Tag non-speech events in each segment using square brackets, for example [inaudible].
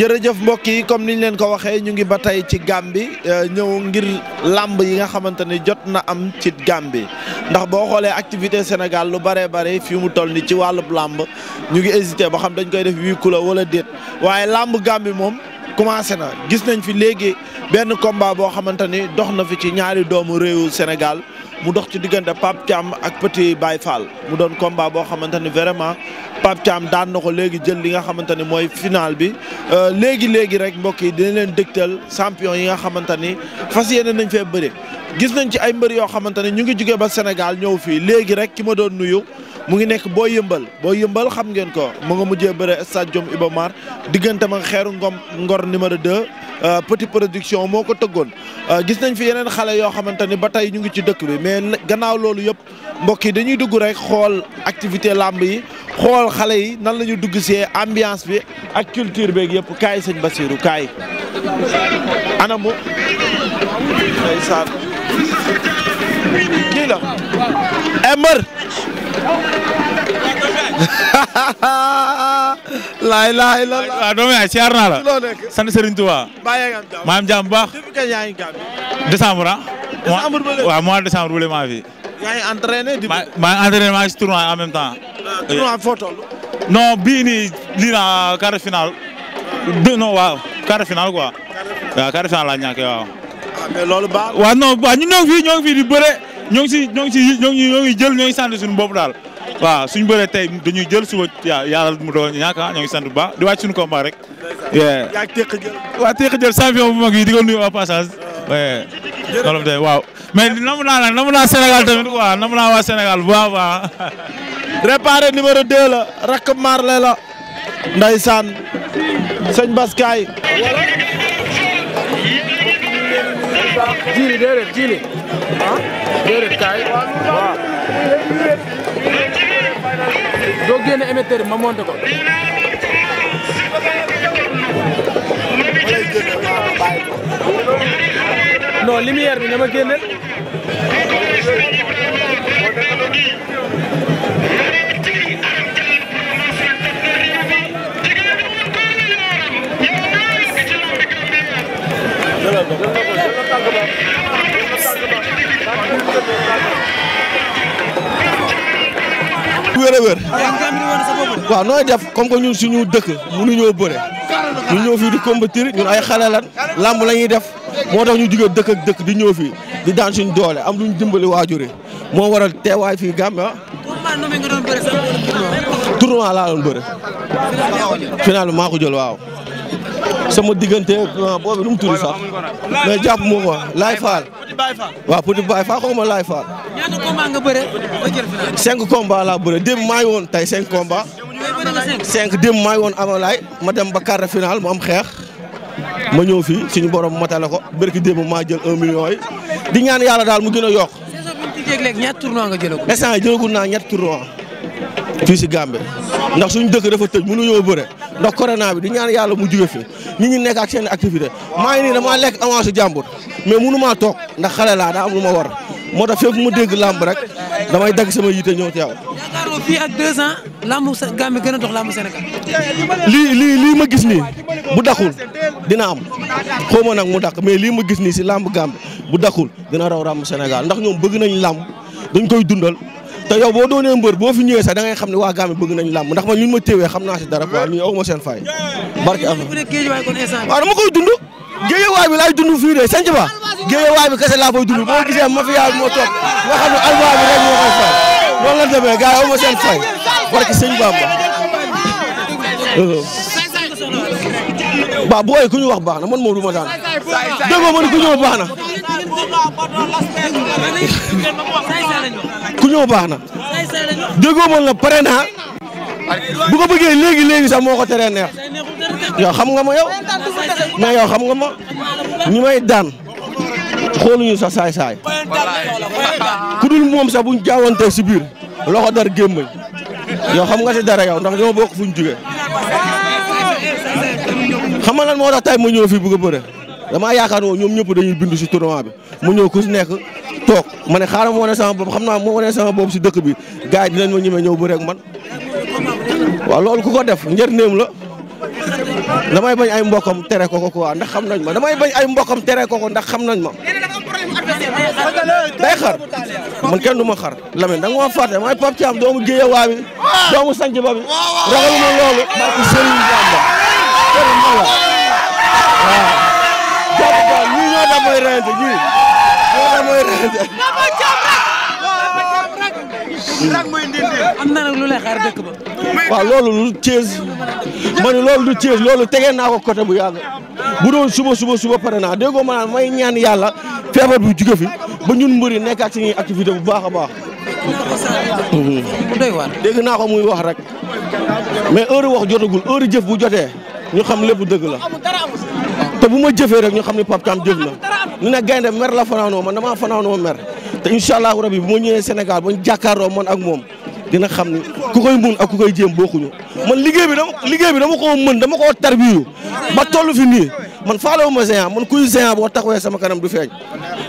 jërëjëf mbokk yi comme niñ leen ko waxee ñu ngi ba tey ci Gàmbi euh, ñëw ngir làmb yi nga xamante ne jot na am ci Gàmbi ndax boo xoolee activité Sénégal lu baree bare fii mu toll ni ci wàllub làmb ñu ngi hésité ba xam dañ koy def huis clos wala déet waaye làmb Gàmbi moom commencé na gis nañ fi léegi benn combat boo xamante ni dox na fi ci ñaari doomu réewu Sénégal mu dox ci diggante Pape Thiam ak Petit Baye Fall mu doon combat boo xamante ni vraiment Pape Thiam daan na ko léegi jël li nga xamante ni mooy final bi euh, léegi léegi rek mbokk yi dina leen dëgtal champion yi nga xamante ni fas yéene nañ fee bëre gis nañ ci ay mbër yoo xamante ni ñu ngi jóge ba Sénégal ñëw fii léegi rek ki ma doon nuyu. mu ngi nekk boo yëmbal boo yëmbal xam ngeen ko mu nga mujjee bëre stade Jom Iba Mar diggante ma xeeru ngom ngor numéro de euh, petit production moo ko tëggoon. Euh, gis nañ fi yeneen xale yoo xamante ni ba tey ñu ngi ci dëkk bi mais gannaaw loolu yëpp mbokk yi dañuy dugg rek xool activité làmb yi xool xale yi nan la dugg see ambiance bi ak culture beeg yëpp kaay sëñ basiru kaay. anamu ndeysaan kii la Mbër. [laughs] laay laay la la waaw doomu yaay siyaar naa la. sant Serigne Touba. maa am jàmm bu baax. décembre ah. décembre bële waaw mois de décembre bële maa fi. yaa ngi entraîné di. maa maa entraîné maa ngi si tournoi en même temps. Euh, tournoi foo toll. non bii nii lii naa quart de finale. non waaw quart de finale quoi. waaw quart de finale laa ñàkk waaw. ah mais loolu baax. waaw non waaw ñu ñoo ngi fii ñoo ngi fii di bëre. ñoo ngi si ñoo ngi si ñoo ngi ñoo ngi jël ñoo ngi sant suñu bopp daal waaw suñu bëree tey dañuy jël suba yàlla mu doon ñàkk ah ñoo ngi sant bu baax di wàcc suñu combat rek. yaa ngi teq jël. waa teq jël champion bu mag yi di ko nuyu au passage. Ah. jërëjëf tey waaw mais namu naa nag namu naa Sénégal tamit waaw namu naa waa Sénégal bu baax baax. [laughs] réparé numéro 2 la rakk Marley la. Ndeysaan sëñ Baskaay. jiili déedéet jiili. ah déedéet kaay doo génne émetteur ma monté ko. non lumière bi na ma génneel. wér a wér nooy def comme que ñun suñu dëkk mënuñoo bëre ñu ñëw fii di combattre ñun ay xale lan làmb la ñuy def moo tax ñu jugee dëkk ak dëkk di ñëw fii di daan suñu doole am luñ dimbali waajur yi moo waral teewaay fii Gambie ah. tournoi laa bëre. final bi maa ko waaw. sama diggante ah, boobu nu mu tudd sax mais jàpp mu ma faal. waa Fall. waaw petit Baye ma Laye Fall. ñaata combat nga bëre ba jël final. cinq combat laa bëre démb maa ngi woon tey cinq maa woon Amalaay ma dem ba quart de final am xeex. ma ñëw fii suñu borom matale ko bërki ma maa jël un di ñaan yàlla daal mu gën a yokk. saison bi ñu tijjee léegi naa ñett tournoi fii si Gambie ndax suñu dëkk dafa tëj mënuñoo bëre ndax corona bi di ñaan yàlla mu jóge fi ñu ñi nekk ak seen activité maa ngi nii damaa lekk avance jàmbur mais munu maa toog ndax xale laa daa am lu ma war moo tax fépp mu dégg làmb rek damay dagg sama yite ñëw teew. yaakaaroo fii ak deux ans làmbu Gambie gën a dox làmbu Sénégal. lii lii lii ma gis nii bu daxul dina am xaw ma nag mu dàq mais lii ma gis nii si làmb Gambie bu daxul dina raw làmb Sénégal ndax ñoom bëgg nañ làmb dañ koy dundal. te yow boo doonee mbër boo fi ñëwee sa da ngay xam ne waa Gambie bëgg nañ làmb ndax man li ma téewee xam naa si dara quoi ñu aw ma seen fay barke am waaw dama koy dund géejewaay bi laay dund fii de sanc ba géejewaay bi kese laa koy dund boo gisee mafia bi moo toog nga xam ne alwaay bi rek moo koy fay noonu seen fay barke ba booy ku ñu wax baax na man moom du ma daan man ku ñu wax ku ñëw baax na. déggoo na la pare naa bu ko bëggee léegi léegi sax moo ko teree neex yow xam nga ma yow mais yow xam nga ma ñu may daan xooluñu sax saay saay ku dul moom sax buñ jaawante si biir loxo dar gémmañ yow xam nga si dara yow ndax ñoo bokk fu jóge xam nga lan moo tax tay ma ñëw fii bëgg damaa yaakaar woo ñoom ñëpp dañuy bindu si tournoi bi mu ñëw ku si nekk toog ma ne xaaral ma wane sama bopp xam naa ma wane sama bopp si dëkk bi gars yi dinañ ma ñemee ñëw bu rek man waaw loolu ku ko def njëriñam la damay bañ ay mbokam tere ko ko ndax xam nañ ma damay bañ ay mbokam tere ko ko ndax xam nañ ma day xar man kenn du ma xar Lamine da nga ma fàtte maay Pape Thiam doomu Géeya waa bi doomu sanc ba bi ragaluma loolu barke Serigne Bamba waaw waaw ñoo tax mooy reyante ñii ñoo tax mooy reyante. am na lu lay xaar waaw loolu du Thiès ma ne loolu du Thiès loolu naa ko côté bu yàgg bu doon suba suba suba pare naa déggoo ma naan ñaan yàlla feebar bi jóge fi ba ñun mbëri nekkaat suñuy activité bu baax a baax. mu dégg naa ko muy wax rek mais heure wax jotagul heure jëf bu jote ñu xam lépp dëgg la. bu ma jëfee rek ñu xam ne Pape Thiam jëf na ñu ne gaynde mer la fanaanoo man damaa fanaanoo mer te incha allahu rabi bu ma ñëwee Sénégal ba ñu jàkkaarloo man ak moom dina xam ni ku koy mun ak ku koy jéem bokkuñu man liggéey bi dama liggéey bi dama koo mën dama koo tar ba toll fi nii man faalewu ma géant man kuy géant boo taxawee sama kanam du feeñ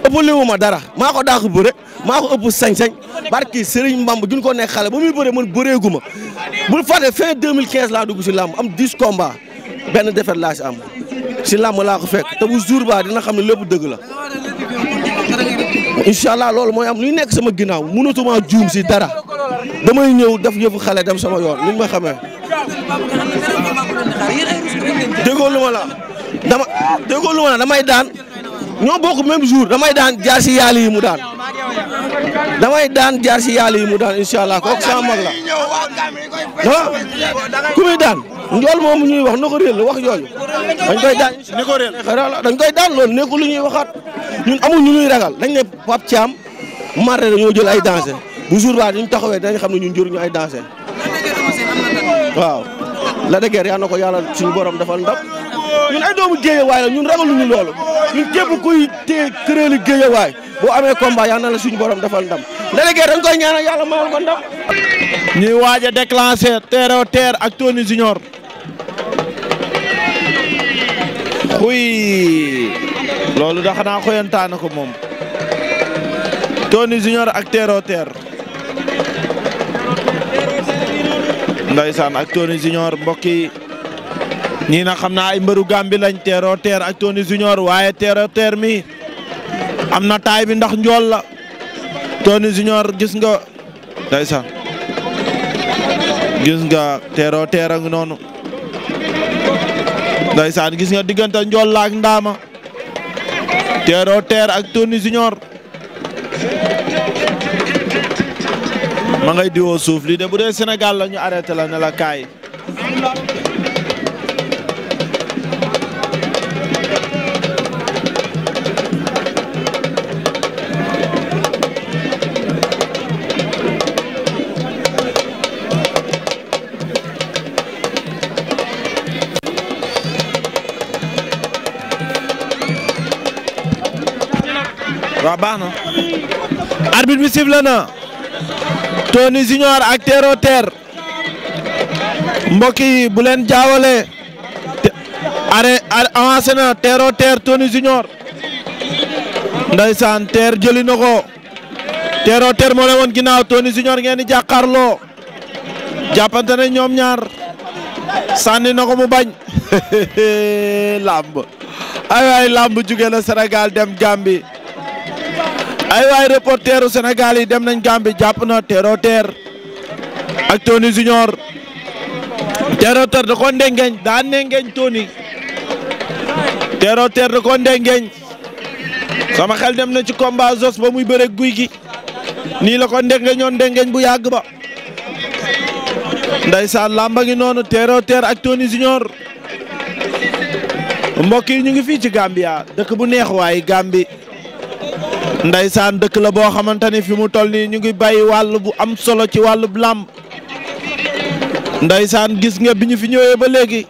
ëppale wu ma dara maa ko daaku bëre maa ko ëpp sañ-sañ barki Serigne Mbamba duñ ko nekk xale ba muy bëree man bëreegu ma bu fàtte fin 2015 laa dugg si làmb am 10 combats benn défaite laa si am si làmb laa ko fekk te bu jour ba dina xam ne lépp dëgg la. incha allah loolu mooy am luy nekk sama ginnaaw mënatuma juum si dara damay ñëw def yëfu xale dem sama yoon ni ma xamee. déggoo lu ma la dama déggoo lu ma la damay daan ñoo bokk même jour damay daan jaar si yàlla yi mu daan. damay daan jaar si yàlla yi mu daan incha allah kooku sama mag la non ku muy daan njool moomu ñuy wax na ko réel wax jooju dañ koy daan ni dañ koy daan loolu nekkul lu ñuy waxaat ñun amul ñu ñuy ragal dañ ne Pape Thiam marre dañoo jël ay danse bu jour ba dañ taxawee dañ xam ne ñun jëruñu ay danse waaw la dëgër yaa na ko yàlla suñu borom defal ndam ñun ay doomu géejawaay la ñun ragaluñu loolu ñun képp kuy téye këréeli géejawaay boo amee combat yal na la suñu borom defal ndam délégué dañ koy ñaanal ma mayal ko ndam. ñuy waaj a déclencher terre au terre ak toni Junior. xuy loolu da xanaa ko moom. toni Junior ak terre au terre. Ndaysaan ak Tony Junior mbokk yi ñii na xam naa ay mbëru Gàmbi lañ terre au terre ak Tony Junior waaye terre au mi. am na taay bi ndax njool la Tony Junior gis nga ndeysaan gis nga teeroo teer a ngi noonu ndeysaan gis nga digganta njool la ak ndaama teeroo teer ak Tony Junior ma ngay diwoo suuf lii de bu dee Sénégal la ñu arrêté la ne la kaay waaw baax na. arbitre bi na. toni Junior ak Terro Terre. mbokk yi bu leen jaawalee. are avancé na Terro Terre Tony Junior. Ndeysaan Terre jëli na ko. Terro Terre moo leen woon ginnaaw Tony Junior ngeen di jàkkaarloo. jàppante ne ñoom ñaar. sànni na ko mu bañ. làmb [laughs] ay waay làmb jóge na Sénégal dem Gambie. ay waay reporteru Sénégal dem nañ Gambie jàpp na Terror Terre ak Tony Junior Terror Terre da ko ndengeñ daa ndengeñ Tony Terror Terre da ko ndengeñ sama xel dem na ci combat Zos ba muy bëre guy gi nii la ko ndengeñoon ndengeñ bu yàgg ba ndeysaan làmba ngi noonu Terror Terre ak Tony Junior mbokk yi ñu ngi fii ci Gambia dëkk bu neex waay Gambie Ndeysaan dëkk la boo xamante ni fi mu toll nii ñu ngi bàyyi wàll bu am solo ci wàllu làmb Ndeysaan gis nga bi ñu fi ñëwee ba léegi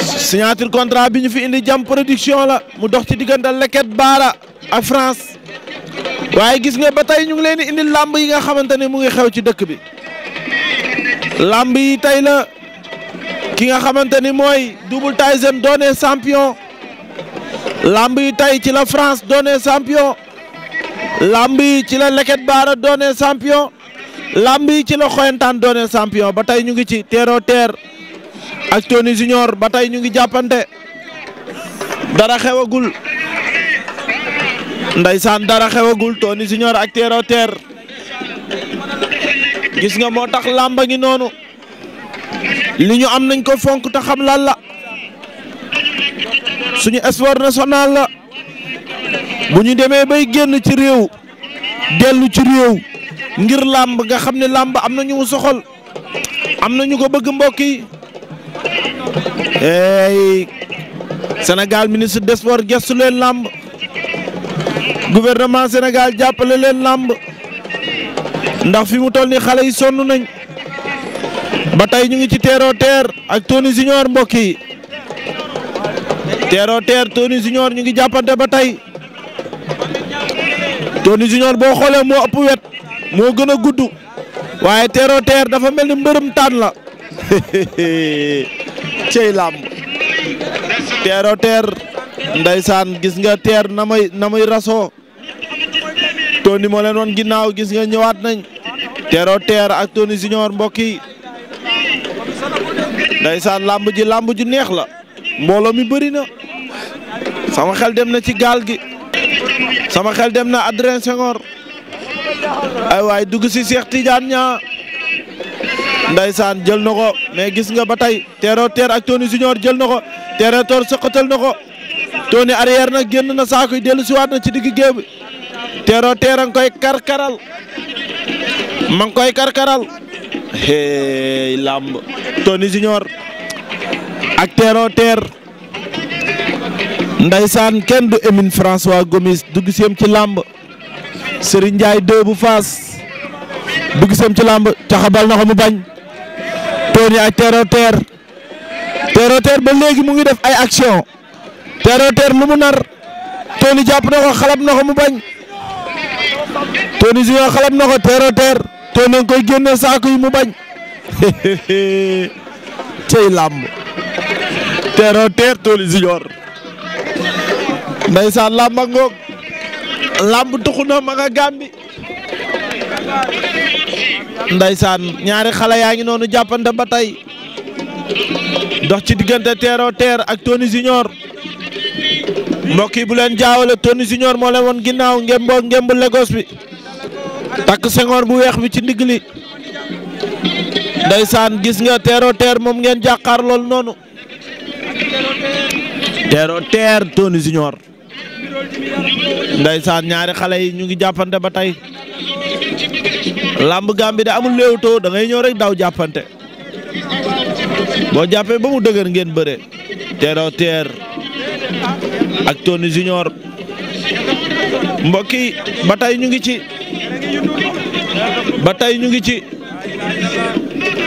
signature contrat bi ñu fi indi jam production la mu dox ci diggante Leket Baara a France waaye gis nga ba tey ñu ngi leen di indi làmb yi nga xamante ni mu ngi xew ci dëkk bi làmb yi tey la ki nga xamante ni mooy Double Tyson doone champion. lamb yi tey ci la France doone champion lamb yi ci la Leket Baara doone champion lamb yi ci la Xoyantaan doone sampion ba tey ñu ngi ci terreau terre ak Tony Junior ba tey ñu ngi jàppante dara xewagul ndaysaan dara xewagul Tony Junior ak terreau terre gis nga moo tax lamba ngi noonu li ñu am nañ ko fonk te xam lan la suñu espoir national la bu ñu demee bay génn ci réew dellu ci réew ngir làmb nga xam ne làmb am na ñu soxol am na ñu ko bëgg mbokk yi ey Sénégal ministre des sports gestu leen làmb gouvernement Sénégal jàppale leen làmb ndax fi mu toll ni xale yi sonn nañ ba tey ñu ngi ci teeroo teer ak Tony Junior mbokk yi teeroo teer Tony Junior ñu ngi jàppante ba tey toni Junior boo xoolee moo ëpp wet moo gën a gudd waaye teeroo teer dafa mel ni mbërëm taan la [laughs] cey làmb teeroo teer ndeysaan gis nga teer na may na may rasoo Tony moo leen woon ginnaaw gis nga ñëwaat nañ teeroo teer ak toni Junior mbokk yi saan làmb ji làmb ju neex la mbooloo mi bëri sama xel dem na ci gaal gi sama xel dem na Adrien Senghor ay waay dugg si Cheikh Tidiane ñaa ndaysaan jël na ko mais gis nga ba tey teeroo teer ak Tony Junior jël na ko teeroo teer sëqatal na ko Tony arrière na génn na saako yi dellu siwaat na ci digg géew bi teeroo teer a ngi koy karkaral ma ngi koy karkaral hey làmb Tony Junior ak teeroo teer ndaysaan kenn du Emine François Gomis du giseem ci làmb Serigne Ndiaye deux bu fas du giseem ci làmb taxabal na ko mu bañ tooñi ay terre terre terre terre ba léegi mu ngi def ay action terre terre lu mu nar tooñi jàpp na ko xalab na ko mu bañ tooñi junior xalab na ko terre terre tooñi nga koy [laughs] làmb terre ndeysaan làmba ngoog làmb tuxu na ma nga Gàmbi ndeysaan ñaari xale yaa ngi noonu jàppante ba tey dox ci diggante Terro teer ak Tony Junior mbokk yi bu leen jaawale Tony Junior moo leen woon ginnaaw ngemboo ngemb Lagos bi takk sengoor bu weex bi ci ndigg li ndeysaan gis nga Terro teer moom ngeen jàkkaar lool noonu teeroo teer Tony Junior ndeysaan ñaari xale yi ñu ngi jàppante ba tey làmb Gàmbi da amul léewtoo da ngay ñëw rek daw jàppante boo jàppee ba mu dëgër ngeen bëre teeroo teer ak toni Junior mbokk yi ba tey ñu ngi ci ba tey ñu ngi ci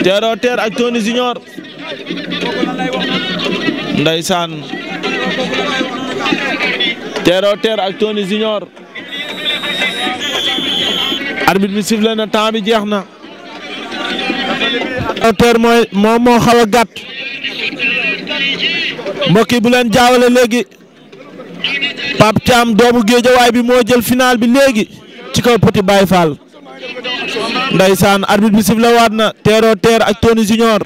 teeroo teer ak Tony Junior ndeysaan terre au ak Tony Junior arbit bi sifflé na temps bi jeex na terre au terre moom moo xaw a gàtt mbokk bu leen jaawale léegi Pape Thiam doomu géejawaay bi moo jël final bi léegi ci kaw Petit Baye Fall saan arbitre bi sifflé waat na terre au ak Tony Junior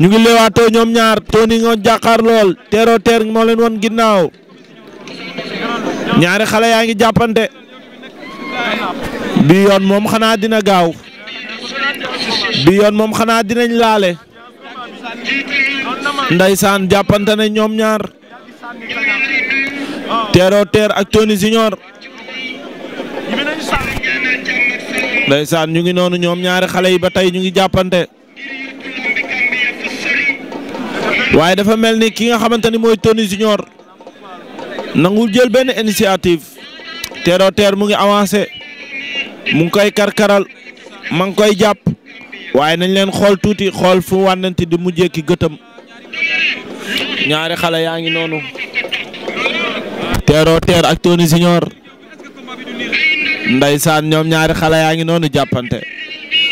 ñu ngi leewaatoo ñoom ñaar Tony nga jàkkaar lool teeroo teer moo leen won ginnaaw ñaari xale yaa ngi jàppante bi yoon moom xanaa dina gaaw bi yoon moom xanaa dinañ laale ndaysaan jàppante ne ñoom ñaar teeroo teer ak Tony Junior ndaysaan ñu ngi noonu ñoom ñaari xale yi ba tey ñu ngi jàppante waaye dafa mel ni ki nga xamante ni mooy Tony Junior nangul jël benn initiative terre terre mu ngi avancé mu ngi koy karkaral ma ngi koy jàpp waaye nañ leen xool tuuti xool fu wànnante di mu ki gëtëm ñaari xale yaa ngi noonu terre terre ak Tony Junior ndeysaan ñoom ñaari xale yaa ngi noonu jàppante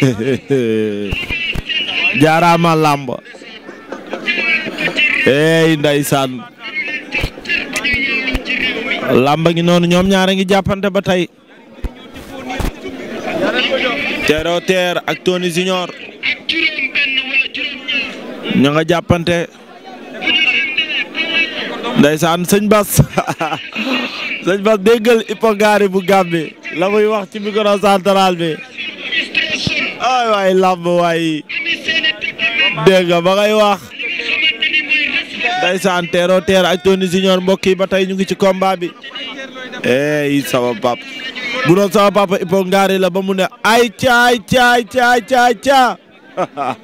[laughs] jaaraama làmb eey ndeysaan làmba ngi noonu ñoom ñaara ngi jàppante ba tey Terro Ter ak Tony Junior ña nga jàppante ndeysaan sëñ Bas [laughs] sëñ Bas déggal ipongaari bu Gàmbi la muy wax ci micro central bi ay waay làmb waay dégg ba ngay wax ndeysaan teeroo teer ak Tony Junior mbokk yi ba tey ñu ngi ci combat bi pap bu doon sama ipo ngaari la ba mu ne ay caay caay caay caay caa [laughs]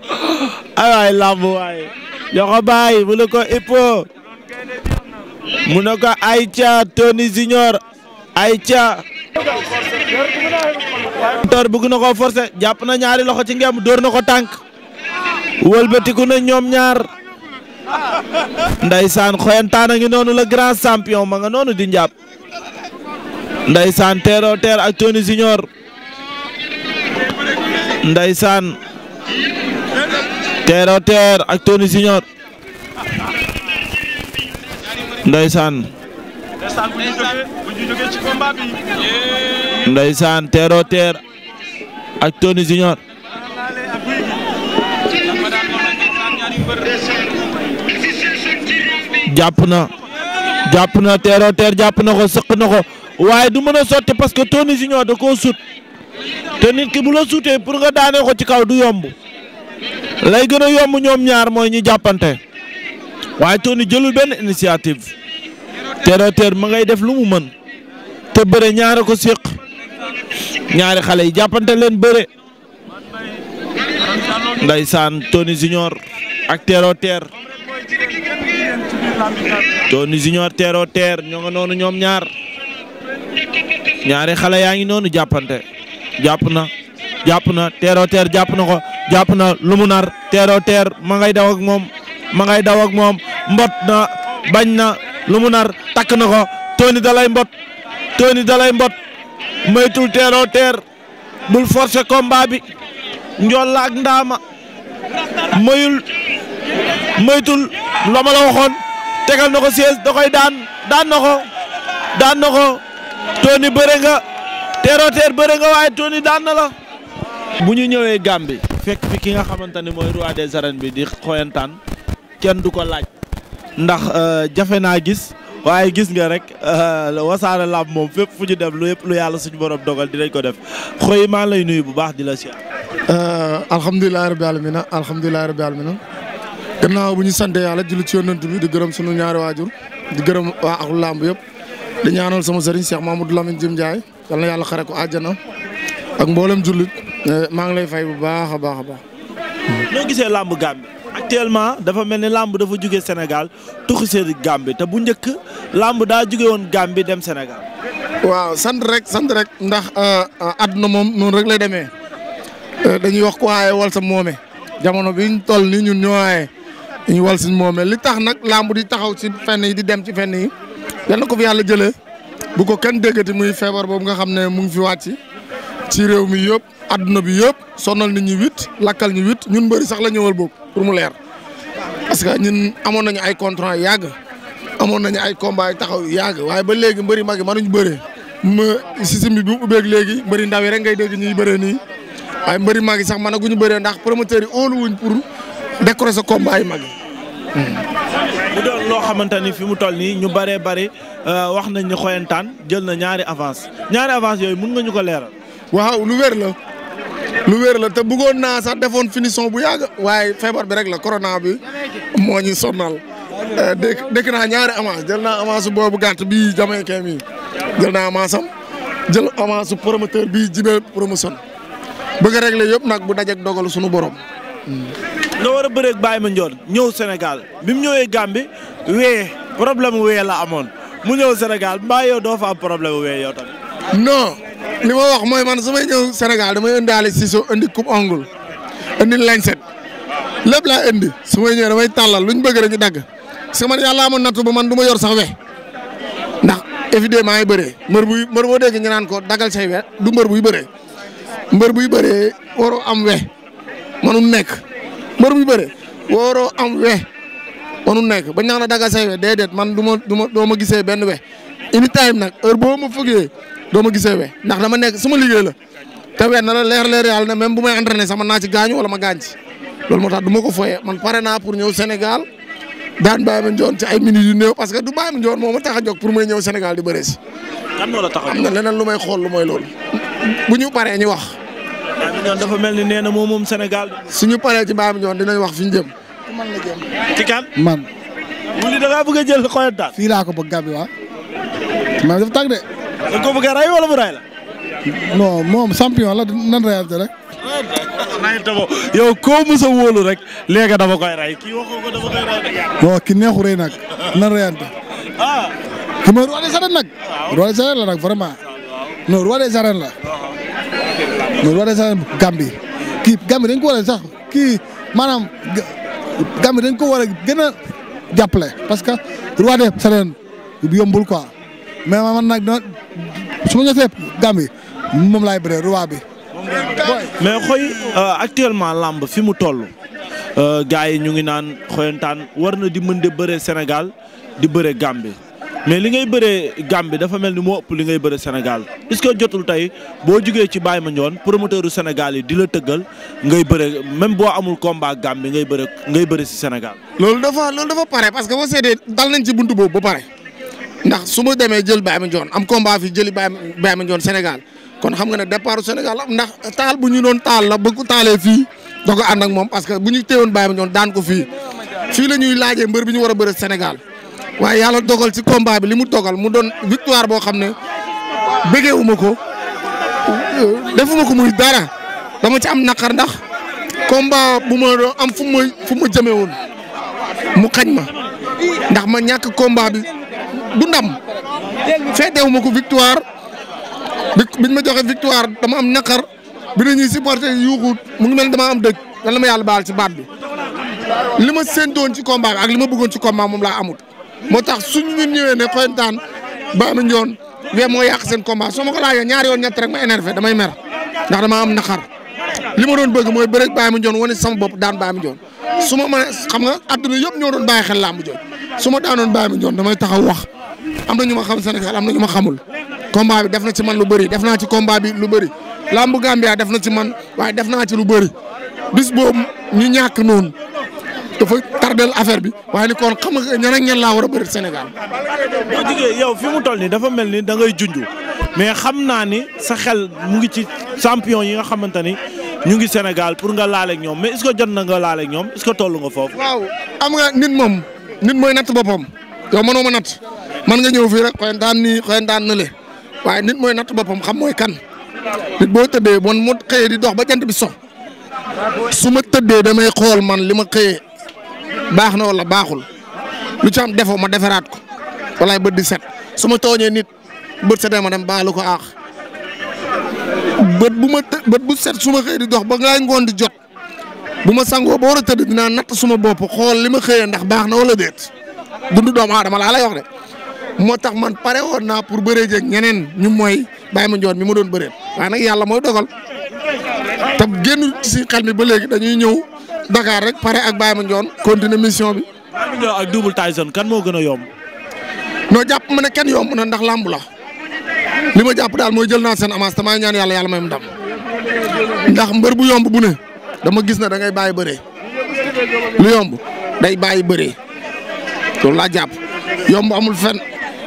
ay waay làmb waaye joxo bàyyi mu ko ipo mu ko ay caa Tony Junior ay caa tor bëgg na koo forcé jàpp na ñaari loxo ci ngeem dóor na ko tànk wëlbatiku na ñoom ñaar ndaysaan xoyantaan a ngi noonu le grand champion ma nga noonu di njàpp ndaysaan teeroo teer ndaysaan teeroo teer ndaysaan ndaysaan teeroo jàpp na jàpp na teeroo teer jàpp na ko sëq na ko waaye du mën a sotti parce que Tony Junior da koo sut te nit ki bu la suutee pour nga daanee ko ci kaw du yomb lay gën a yomb ñoom ñaar mooy ñu jàppante waaye Tony jëlul benn initiative teeroo teer ma ngay def lu mu mën te bëre ñaare ko séq ñaari xale yi jàppante leen bëre ndeysaan Tony Junior ak teeroo teer Tony Junior teeroo teer ñoo nga noonu ñoom ñaar ñaari xale yaa ngi noonu jàppante jàpp na jàpp na teeroo teer jàpp na ko jàpp na lu mu nar teeroo teer ma ngay daw ak moom ma ngay daw ak moom mbot na bañ na lu mu nar takk na ko Tony dalay mbot Tony dalay mbot moytul teeroo teer bul forcer combat bi njool la ndaama moyul moytul lama la tegal na ko siège da koy daan daan na ko daan na ko Tony bëre nga teeroo teer bëre waaye Tony daan na la. bu ñu ñëwee Gambie fekk fi ki nga xamante ne mooy roi des arènes bi di xoyantaan kenn du ko laaj ndax euh, jafe naa gis waaye gis nga rek euh, wasaare làmb moom fépp fu ñu dem lu yëpp lu yàlla suñu borom dogal dinañ ko def xoy maa lay nuyu bu baax di la si. Euh, alhamdulilah rabbi alamina alhamdulilah rabbi alamina gannaaw bu ñu sant yàlla julli ci yonent bi di gërëm sunu ñaari waajur di gërëm waa ak làmb yëpp di ñaanal sama sëriñ Cheikh Mamadou Lamine Jim Ndiaye yal na yàlla xare ko àjjana ak mboolem jullit maa ngi lay fay bu baax a baax a baax. noo gisee làmb Gambie actuellement dafa mel ni làmb dafa jóge Sénégal tuxu seen Gambie te bu njëkk làmb daa jóge woon Gambie dem Sénégal. waaw sant rek sant rek ndax euh, euh, àdduna moom noonu rek lay demee euh, dañuy wax ko waaye wal sa moome jamono biñ toll nii ñun ñoo waaye ñu wal suñ moomee li tax nag làmb di taxaw ci fenn yi di dem ci fenn yi yal na ko fi yàlla jëlee bu ko kenn déggati muy feebar boobu nga xam ne mu ngi fi wàcc ci réew mi yëpp adduna bi yëpp sonal nit ñi huit lakkal ñu huit ñun mbëri sax la ñëwal boobu pour mu leer parce que ñun amoon nañu ay contrat yàgg amoon nañu ay combat yu taxaw yàgg waaye ba léegi mbër mbëri mag yi man mënuñu bëree ma système bi bu ubbeeg léegi mbëri ndaw yi rek ngay dégg ñuy bëree nii waaye mbëri mag yi sax mënaguñu bëree ndax promoteurs yi óolu décorer sa combat mag yi. mu doon loo xamante ni fi mu toll nii ñu bëree bëri euh, wax nañ ni xoyantaan jël na ñaari avance ñaari avance yooyu mun nga ñu ko leeral. waaw lu wér la. lu wér la te bëggoon naa sax defoon finition bu yàgg waaye feebar bi rek la corona bi moo ñu sonnal euh, dëkk dëkk naa ñaari avance jël naa avance boobu gàtt bii jamaïcain mi jël naa avance jël avance promoteur bii jibee promotion bëgg régler yëpp nag bu dajeek dogal suñu borom. nga war a bëreeg Baye Mandione ñëw senegal bi mu ñëwee Gambie wee problème wee la amoon mu ñëw Sénégal mbaa yow doo fa problème wee yow non li ma wax mooy man suma may ñëw senegal damay indaale ciseau indi coupe ongle indi lancette lépp laa indi su may ñëwee damay tàllal luñ bëgg dagg parce que man yàlla amoon nattu ba man du ma yor sax we ndax évidemment yi bëree mbër buy mbër daggal say du mbër buy bëree mbër buy bëree am we mënul nekk. mbër muy bëre wóoroo am we manu nekk ba ñax na daga say man du ma du ma doo ma benn we ini time nag heure boo ma fëggee doo ma gisee we ndax dama nekk sama liggéey la te we na la leer leer yàlla ne même bu ma entraîné sama man naa ci gaañu wala ma gaañ loolu moo tax du ko foyee man pare naa pour ñëw Sénégal daan Baye Mandione ci ay minutes yu néew parce que du Baye Mandione moo ma tax a jóg pour may ñëw Sénégal di bëre si. kan moo la tax am na leneen lu may xool lu mooy loolu bu ñu paree ñu wax. Baye Mignone dafa mel ni nee na moom moom Sénégal. suñu paree ci Baye Mignone dinañ wax fi ñu jëm. man la jëm. ci kan man. wuli da ngaa bëgg a jël xoyantaan. fii laa ko bëgg Gabi waa. man dafa tàgg de. ko bëgg a rey wala mu rey la. non moom champion la nan reyante rek. yow koo mës a wóolu rek léegi dafa koy rey. kii waxoo dafa koy rey. non ki neexu rey nan reyante. ah. ki mooy roi des arènes nag. roi la nag vraiment. non roi des la. loolu war na sax Gambie kii Gambie dañ ko war sax kii maanaam Gambie dañ ko war a gën a jàppale parce que roi des arènes yombul quoi mais man nag su ma ñëwee lay moom laay bëree roi bi. mais xoy euh, actuellement làmb fi mu toll euh, gars yi ñu ngi naan xoyantaan war na di mën di bëree Sénégal di bëree Gambie. mais li ngay bëree Gambie dafa mel ni moo ëpp li ngay bëre Sénégal est jotul tey boo jugee ci Baye Mandione promoteur u Sénégal yi di la tëggal ngay bëre même boo amul combat Gambie ngay bëre ngay bëre si Sénégal. loolu dafa loolu dafa pare parce que boo seetee dal nañ ci bunt boobu ba pare ndax su demee jël Baye Mandione am combat fi jëli Baye Baye Mandione Sénégal kon xam nga ne départ Sénégal ndax taal bu ñu noon taal la ba taalee fii doo ko ak moom parce que bu ñu teewoon Baye Mandione daan ko fii fii la ñuy laajee mbër bi ñu war a bëre Sénégal waaye yàlla dogal si combat bi li mu dogal mu doon victoire boo xam ne bëggeewu ma ko defuma ko muy dara dama ci am naqar ndax combat bu ma am fu ma fu ma jëmee woon mu xañ ma ndax ma ñàkk combat bi du ndam feeteewu ma ko victoire bi biñ ma joxe victoire dama am naqar bi na ñuy supporté yuuxu mu ngi mel dama am dëj lan la ma yàlla baal ci baat bi li ma séentoon ci combat bi ak li ma bëggoon ci combat moom laa amut moo tax suñu ñun ñëwee ne xoyantaan ba mu ñoon wee moo yàq seen combat soo ma ko laajee ñaari yoon ñett rek ma énervé damay mer ndax dama am naqar li ma doon bëgg mooy bëre Baye Mandione wane sama bopp daan Baye Mandione su ma mën xam nga adduna yëpp ñoo doon bàyyi xel làmb jooj su ma daanoon Baye Mandione damay taxaw wax am na ñu ma xam Sénégal am na ñu ma xamul combat def na ci man lu bëri def naa ci combat bi lu bëri làmb Gambia def na ci man waaye def naa ci lu bëri bis boobu ñu ñàkk noonu dafa tardel affaire bi waaye ni kon xam yow fi mu toll nii dafa mel ni da ngay mais xam naa ni sa xel mu ngi ci sampion yi nga xamante ni ñu ngi Sénégal pour nga laaleeg ñoom mais est-ce jot na nga laale ñoom est-ce que toll nga foofu. waaw am nga nit moom nit mooy natt boppam yow mënoo ma natt man nga ñëw fii rek xëy na daan na daan na waaye nit mooy natt boppam xam mooy kan nit boo tëddee man mu xëyee di dox ba jant bi so su ma tëddee damay xool man li ma xëyee baax na wala baaxul lu ci am defoo ma defaraat ko walaay bët di set su ma tooñee nit bët setee ma dem baalu ko aax bët bu ma bët bu set su ma xëy di dox ba ngay ngoon di jot bu ma sangoo ba war a tëdd dinaa natt suma bopp xool li ma xëyee ndax baax na wala déet dundu doomu aadama laa lay wax de moo tax man pare woon naa pour bëree jeeg ñeneen ñu mooy bàyyi ma njoon mi ma doon bëree waaye nag yàlla mooy dogal te génn ci xel mi ba léegi dañuy ñëw. dakaar rek pare ak Baye Mandione continuer mission bi. Baye Mandione kan moo gën a yomb. non jàpp ma ne kenn yomb na ndax làmb la li ma jàpp daal mooy jël naa seen avance damaa ñaan yàlla yàlla may mu ndam ndax mbër bu yomb bu ne dama gis na da ngay bàyyi bëree lu yomb day bàyyi bëree loolu laa jàpp yomb amul fenn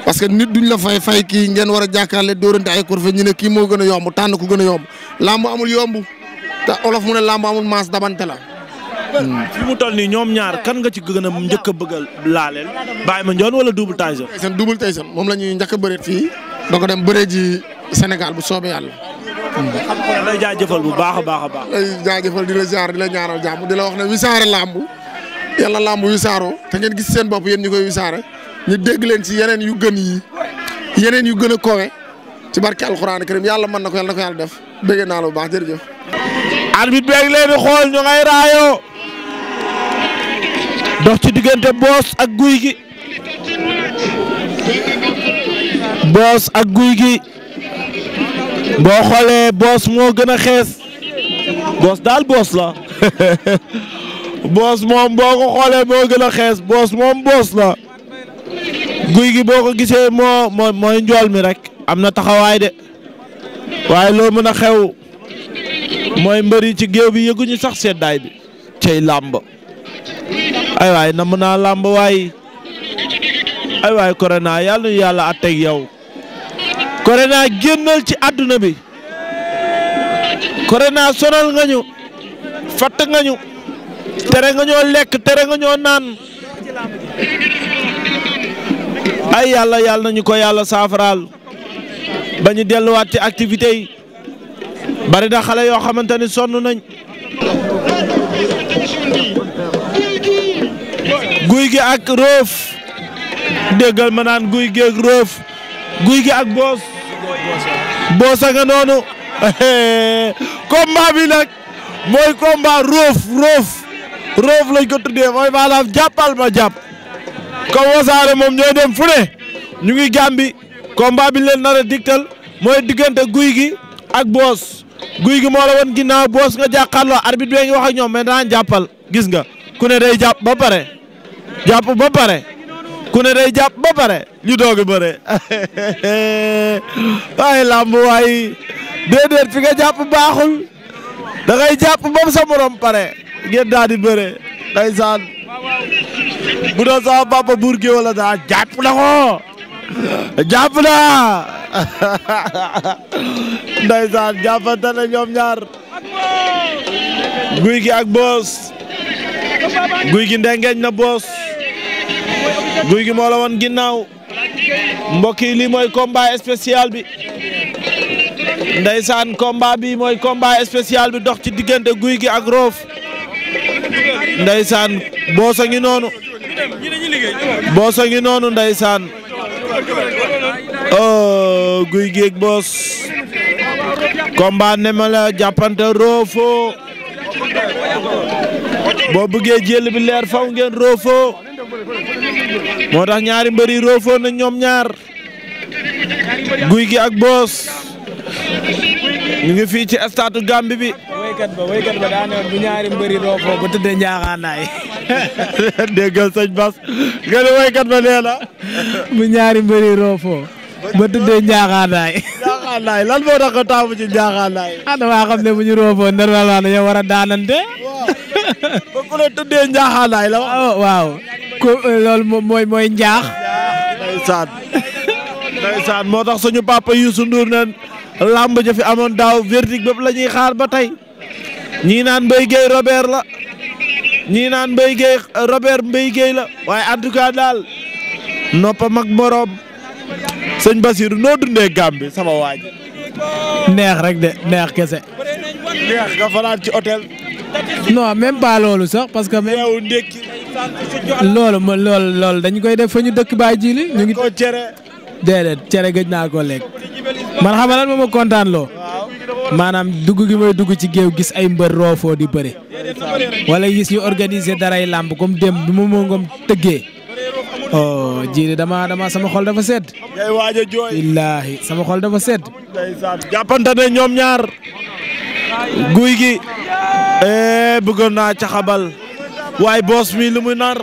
parce que nit duñ la fay fay kii ngeen war a jàkkaarle dóorante ay kurfe ñu ne kii moo gën a yomb tànn ku gën a yomb làmb amul yomb te olof mu ne làmb amul maas dabante la. fi mu toll nii ñoom ñaar kan nga ci gën a njëkk a bëgg a laaleel Baye Mandione wala Double Tyson. Double Tyson moom la ñuy njëkk a bëreet fii. da bu soobe yàlla. lay jaajëfal bu baax a baax a baax. jaajëfal di la jaar di la ñaaral jàmm di la wax ne wisaare làmb yàlla làmb wisaaroo te ngeen gis seen bopp yéen ñu koy wisaare ñu dégg leen ci yeneen yu gën yi yeneen yu gën a kowe ci barke alxuraan karim yàlla mën na ko yàlla na def bëgg naa la baax jërëjëf. arbitre dox ci diggante boos ak guy gi boos ak guy gi boo xoolee boos moo gën a xees boos daal boos la [laughs] boos moom boo ko xoolee moo gën a xees boos moom boos la guy gi boo ko gisee moo mooy njool mi rek am na taxawaay de waaye loo mën a xew mooy mbëri ci géew bi yeguñu sax seddaay bi cey làmb ay waay namm naa làmb waay ay waay Corona yàlla nu yàlla àtteeg yow Corona génnal ci àdduna bi Corona sonal nga ñu fatt nga ñu tere nga ñoo lekk tere nga ñoo naan ay yàlla yàlla nañu ko yàlla saafaraal ba ñu delluwaat ci activité yi bari na xale yoo xamante ni sonn nañ. ak roof déggal guy gi ak guy gi ak boos boos a nga noonu [laughs] bi nag mooy combat roof ko tuddee mooy maanaam jàppal jàpp comme wasaare moom ñooy dem fu ñu ngi gàmbi combat bi leen nar a diktal mooy diggante guy gi ak boos guy gi moo la woon ginnaaw boos nga jàkkaarloo arbitre bi ngi wax ak ñoom mais daan jàppal gis nga ku ne day ba pare jàpp ba pare ku day jàpp ba pare lu doog a bëre [laughs] waaye làmb waay déedéet fi baaxul da ngay jàpp ba sa morom pare ngeen daal di bëre ndeysaan bu doon papa buur gi wala daa jàpp na ko jàpp naa [laughs] ndeysaan ñoom ñaar guy gi ak boos guy gi ndengeñ na boos guy gi moo la woon ginnaaw mbokk yi lii mooy combat spécial bi ndeysaan komba bi mooy combat spécial bi dox ci diggante guy gi ak roof ndaysaan boosa ngi noonu boosa ngi noonu ndeysaan oh, guy gi ak boos combat jàppante roofoo boo bëggee jël bi leer faw ngeen roofoo moo tax ñaari mbër yi roofoo nañ ñoom ñaar guy gi ak boos ñu ngi fii ci stade Gambie bi. waykat ba waykat ñaari mbër yi roofoo ba tëddee njaaxaanaay. [laughs] déggal sëñ Bas nga waykat ba nee na. ñaari mbër roofoo ba tëddee njaaxaanaay. njaaxaanaay moo tax nga taamu ci njaaxaanaay. ah damaa xam ne bu ñu roofoo normalement dañoo war a daanante. la tëddee njaaxaanaay la [laughs] oh, waaw. ko euh, loolu moom mooy mooy njaax. ndeysaan moo tax suñu papa Youssou Ndour na làmb ja fi amoon daaw verdict bépp la ñuy xaar ba tey ñii naan Mbaye Guèye Robert la ñii naan Mbaye Guèye Robert Mbaye Guèye la waaye en tout cas daal noppam ak moroom sëñ Basiru noo dundee Gàmbi sama waaj neex rek de neex kese. neex nga fanaan ci hôtel. non même pas loolu sax parce que. loolu ma loolu loolu dañ koy def fa ñu dëkk baa Djili ñu ngi. ko cere. déedéet cere gëj naa ko lekk man xam nga lan moo ma kontaan loo. maanaam dugg gi may dugg ci géew gis ay mbër roofoo di bëre. wala gis ñu dara yi làmb kom dem bi ma moo ngoom tëggee. oh Djili dama dama sama xol dafa sedd. ngay waaj a sama xol dafa sedd. jàppante ñoom ñaar. guy gi. Eh, bëggoon naa caxabal. waaye boos mi lu muy nar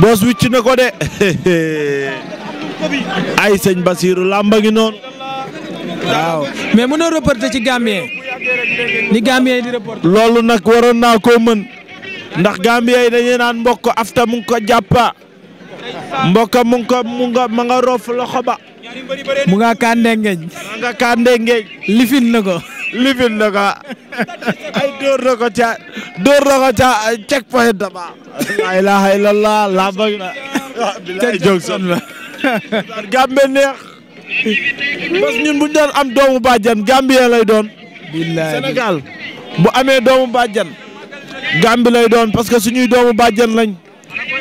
boos wicc na ko de [laughs] ay sëñ Basiiru làmba ngi noonu waaw mais mënoo reporter ci Gambien ni Gambien di reporter loolu nag waroon naa ko mën ndax Gambien yi dañuy naan mbokk afta mu ngi ko jàppa mbokka mu ngi ko mu nga rof loxo ba mu nga kànde ngeeñ lifin na ko lifin na ay dóor na ko ca dóor na ko ca cek point dama la ilaha illallah la bëgg na ca jóg son la gambe neex parce ñun bu ñu doon am doomu bàjjan Gambie lay doon bu amee doomu bàjjan Gambie lay doon parce que suñuy doomu bàjjan lañ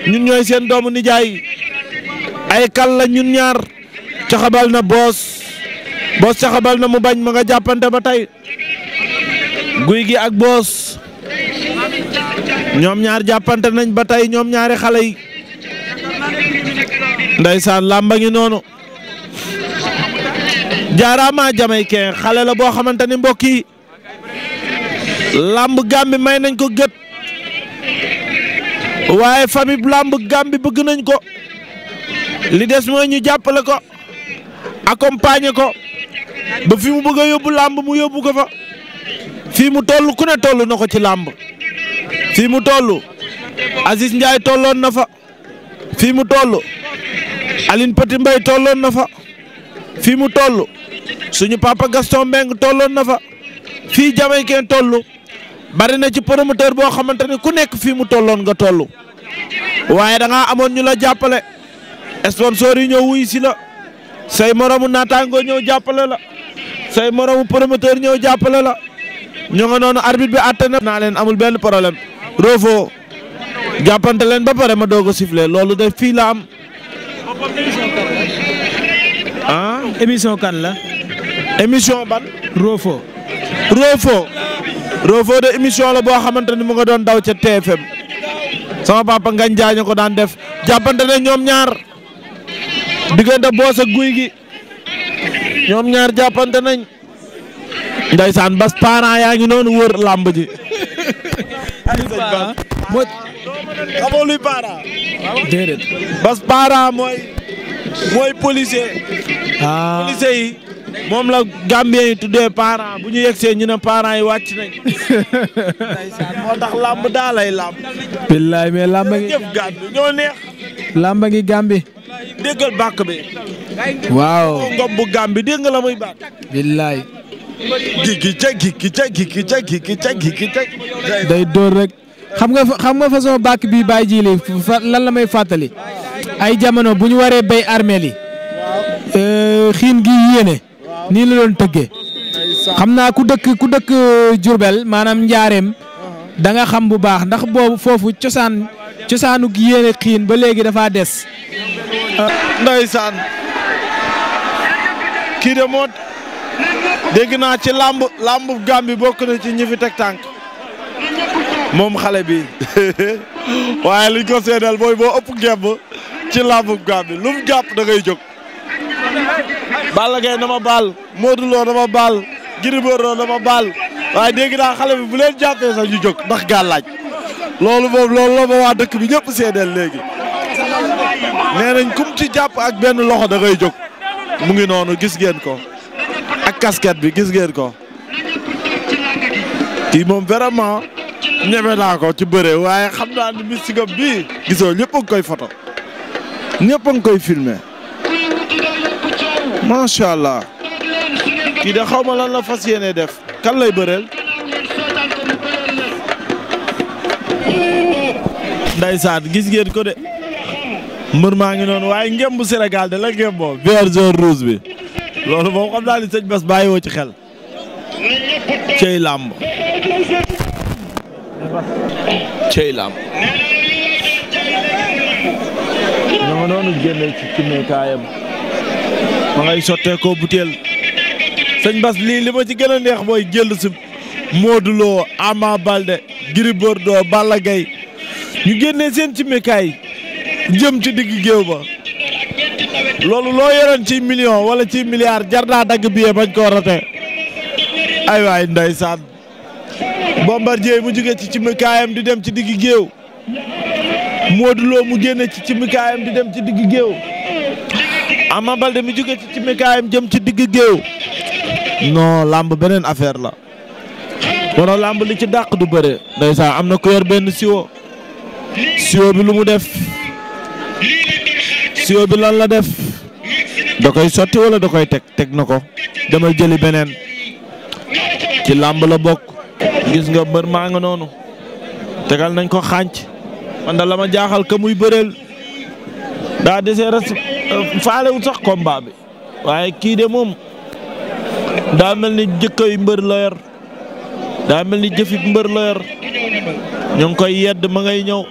ñun ñooy seen doomu nijaay ay kal la ñun ñaar caxabal na boos Boss caxabal na mu bañ ma nga jàppante ba tey guy gi ak Boss ñoom ñaar jàppante nañ ba tey ñoom ñaari xale yi ndeysaan làmba ngi noonu jaaraama jamaïcain xale la boo xamante ni mbokk yi làmb Gàmbi may nañ ko gët waaye famille làmb Gàmbi bëgg nañ ko li des mooy ñu jàppale ko accompagner ko ba fi mu bëgg a yóbbu làmb mu yóbbu ko fa fii mu toll ku ne toll na ko ci làmb fii mu tollu Aziz Ndiaye tolloon nafa fa fii mu toll Aline Petit Mbaye tolloon na fa fii mu toll suñu papa Gaston Mbengue tolloon na fa fii Jamaïcain toll bari na ci promoteur boo xamante ni ku nekk fii mu tolloon nga toll waaye danga amoon ñu la jàppale sponsor yi ñëw wuy si la say moromu naataangoo ñëw jàppale la. say moromu promoteur ñëw jàppale la ñoo nga noonu arbitre bi àtte na naa leen amul benn problème Roffo jàppante leen ba pare ma doog a sifflé loolu de fii la am. Ah? émission kan la. émission ban. Roffo. Roffo. Roffo de émission la boo xamante ni mu nga doon daw ca TFM sama papa Ngagne Ndiaye ñu ko daan def jàppante ñoom ñaar diggante boos ak guy gi. ñoom ñaar jàppante nañ ndeysaan bas parents yaa ngi noonu wër làmb ji moo xamoo luy parent déedéet bas parent mooy policier ah. policier moom la Gambien yi tuddee parent bu ñu yegsee ñu ne parent yi wàcc nañ moo tax làmb daa lay làmb billaay mais làmb ngi déggal waaw ngom bu gàm bi dégg nga la muy bàkk. billaay. gigi ca gigi ca gigi ca gigi dóor rek xam nga xam nga façon bàkk bi bàyyi ji lan la may fàttali. ay jamono bu ñu waree béy armeel yi. Euh, xiin gi yéene. nii la doon tëggee. xam naa ku dëkk ku dëkk Jurbel euh, maanaam njaareem. danga xam bu baax ndax boobu foofu cosaan cosaanu gi yéene xiin ba léegi dafa des. ndeysaan kii de moo dégg naa ci làmb làmbu Gàmbi bokk na ci ñi fi teg tànk moom xale bi [laughs] waaye liñ ko seedal mooy boo ëpp ngemb ci làmbu Gàmbi lu mu jàpp dangay ngay jóg. Balla Gaye dama baal Modou Lo dama baal Gris Bordeaux dama baal. waaye dégg naa xale bi bu leen jàppee sax ñu jóg ndax gàllaaj loolu moom loolu la waa dëkk bi ñëpp seedeel léegi nee nañ kum ci jàpp ak benn loxo da ngay jóg mu ngi noonu gis ngeen ko ak kasket bi gis ngeen ko kii moom vraiment ñeme naa ko ci bëre waaye xam naa ni mystique bi gisoo ñëpp a koy photo ñëpp koy filmer macha allah. kii de xaw ma lan la fas yéene def kan lay bëreel. ndeysaan gis ngeen ko de mbër maa ngi noonu waaye ngem bu Sénégal de la ngem moom vert jaune bi loolu moom xam naa ni sëñ Bas bàyyiwoo ci xel cey làmb cey làmb ñoo noonu génne ci kinne kaayam ma ngay sottee ko butéel sëñ Bas lii li ma ci gën a neex mooy jël si Modou Ama Balde Gris Bordeaux Balla Gaye ñu génnee seen ci mikaay jëm ci digg géew ba loolu loo yoroon ci million wala ci milliard jar naa dagg billet bañ ko ay waay ndeysaan Bombardier mu jóge ci ci di dem ci digg géew Modou mu génne ci ci di dem ci digg géew Ama Balde mu jóge ci ci jëm ci digg géew non làmb beneen affaire la. wala làmb li ci dàq du bëre. ndeysaan am na ku yor benn siwo. siwo bi lu mu def. siwo bi lan la def. da koy sotti wala da koy teg teg na ko. demal jëli beneen. ci làmb la bokk. gis nga mbër maa nga noonu. tegal nañ ko xànc. man da jaaxal ka muy bëreel. daa desee euh, faale wu sax combat bi. waaye kii de daa mel ni jikkoy mbër la yor daa mel ni jëfit mbër la yor ngi koy yedd ma ngay ñëw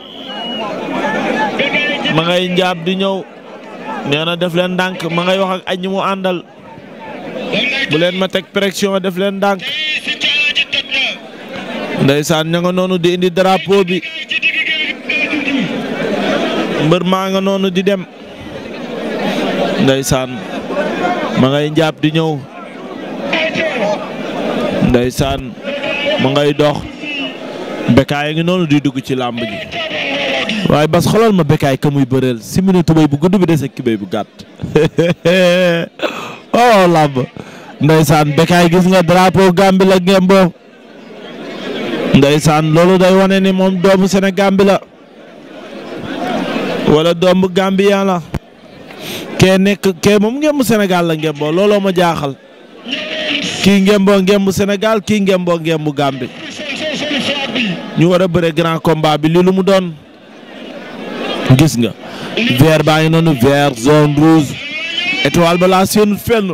ma ngay njaab di ñëw nee na def leen ndànk ma ngay wax ak añ mu àndal bu leen ma teg pression def leen ndànk ndeysaan ña nga noonu di indi drapeau bi mbër maa nga noonu di dem ndeysaan saan ngay njaab di ñëw ndeysaan mu ngay dox Bécaye ngi noonu di dugg ci làmb ji waaye bas xoolal ma Bécaye ka muy bëreel siminu tubéy bu gudd bi des ak kibéy bu gàtt [laughs] oh làmb ndeysaan Bécaye gis nga drapeau Gambie la ngembo ndeysaan loolu day wane ni moom doomu Sénégal bi la wala doomu Gambien la kee nekk kee moom ngembu Sénégal la ngemboo looloo ma jaaxal kii ngemboo ngembu Sénégal kii ngemboo ngembu Gambie ñu war a bëre grand combat bi li mu doon gis nga vert baa ngi noonu vert zone rouge étoile ba laa séenu fenn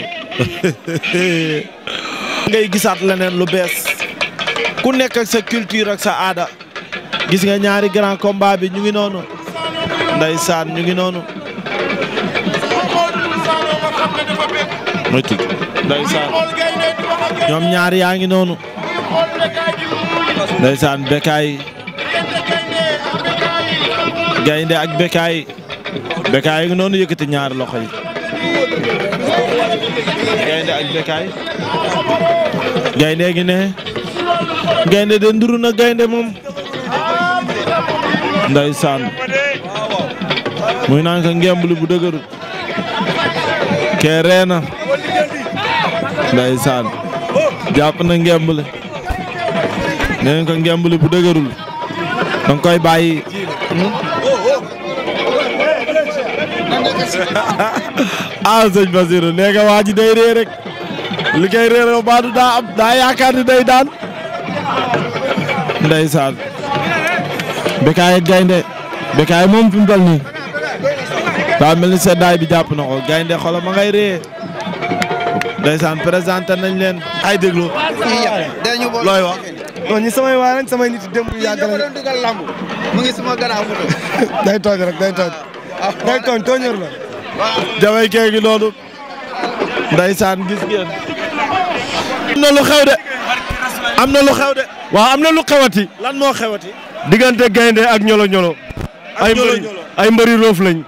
[laughs] ngay gisaat leneen lu bees ku nekk ak sa culture ak sa aada gis nga ñaari grand combat bi ñu ngi noonu ndeysaan ñu ngi noonu ñoom ñaari yaa ngi noonu ndeysaan Bécaye gaynde ak Bécaye Bécaye ngi noonu yëkkati ñaari loxo yi gaynde ak Bécaye gaynde gi ne gaynde de nduru na gaynde moom ndeysaan muy naan ka ngemb li bu dëgëru kee reena ndeysaan jàpp na ngembale neen ko ngembale bu dëgërul da nga koy bàyyi. Hmm? ah sëñ Basiru nee nga waa ji day li koy réeré baatu daa am daa yaakaar ni day daan ndeysaan Bécaye gaynde Bécaye moom fi mu toll daa mel ni seddaay bi jàpp na ko gaynde xolam ma ngay ree ndeysaan présenté nañ leen ay déglu. looy wax. non samay waa samay nit yi démb yàgg nañ. doon dugal lamb mu ngi sama gannaaw day tooñ rek day tooñ. Ah. day tooñ tooñër la. jaway kee gi loolu. ndeysaan gis ngeen. am na lu xew de. am na lu xew de. waaw am na lu xewati. lan moo xewati. diggante gaynde ak ñolo ñolo. ay mbëri ay mbëri roof lañ.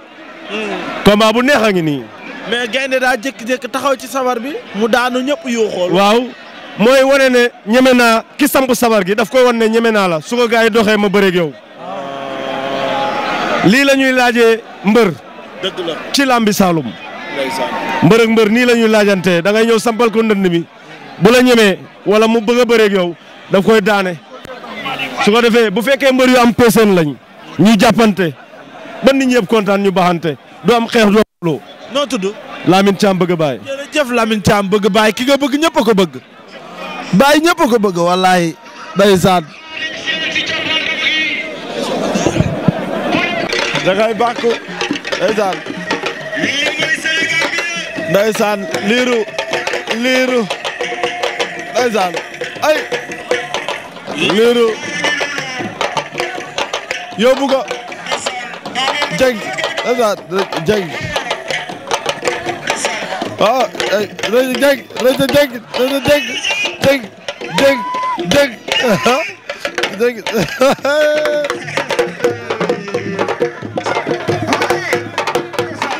Hmm. combat bu neex a ngi nii. mais gaynde daa jékki-jékki taxaw ci sabar bi mu daanu ñëpp yuuxool waaw mooy wane ne ñeme naa ki samp sabar gi daf koy wan ne ñeme naa la su ko doxee ma bëreeg yow lii la ñuy laajee mbër ci làmbi Saalum mbër mbër nii lañuy laajante laajantee da ngay ñëw sampal ko ndënd mi bu la ñemee wala mu bëgg a bëreeg yow daf koy daane su ko defee bu fekkee mbër yu am peeseen lañ ñu jàppante ba nit ñëpp kontaan ñu baxante du am xeex loo noo bëgg baay. jërëjëf bëgg ki nga bëgg ñëpp ko bëgg. baay ñëpp bëgg wallaay ndeysaan. da ngay liiru liiru ndeysaan ay. liiru ah eh, lañ dégg lañ dégg lañ dégg dégg dégg dégg [laughs] dégg [laughs]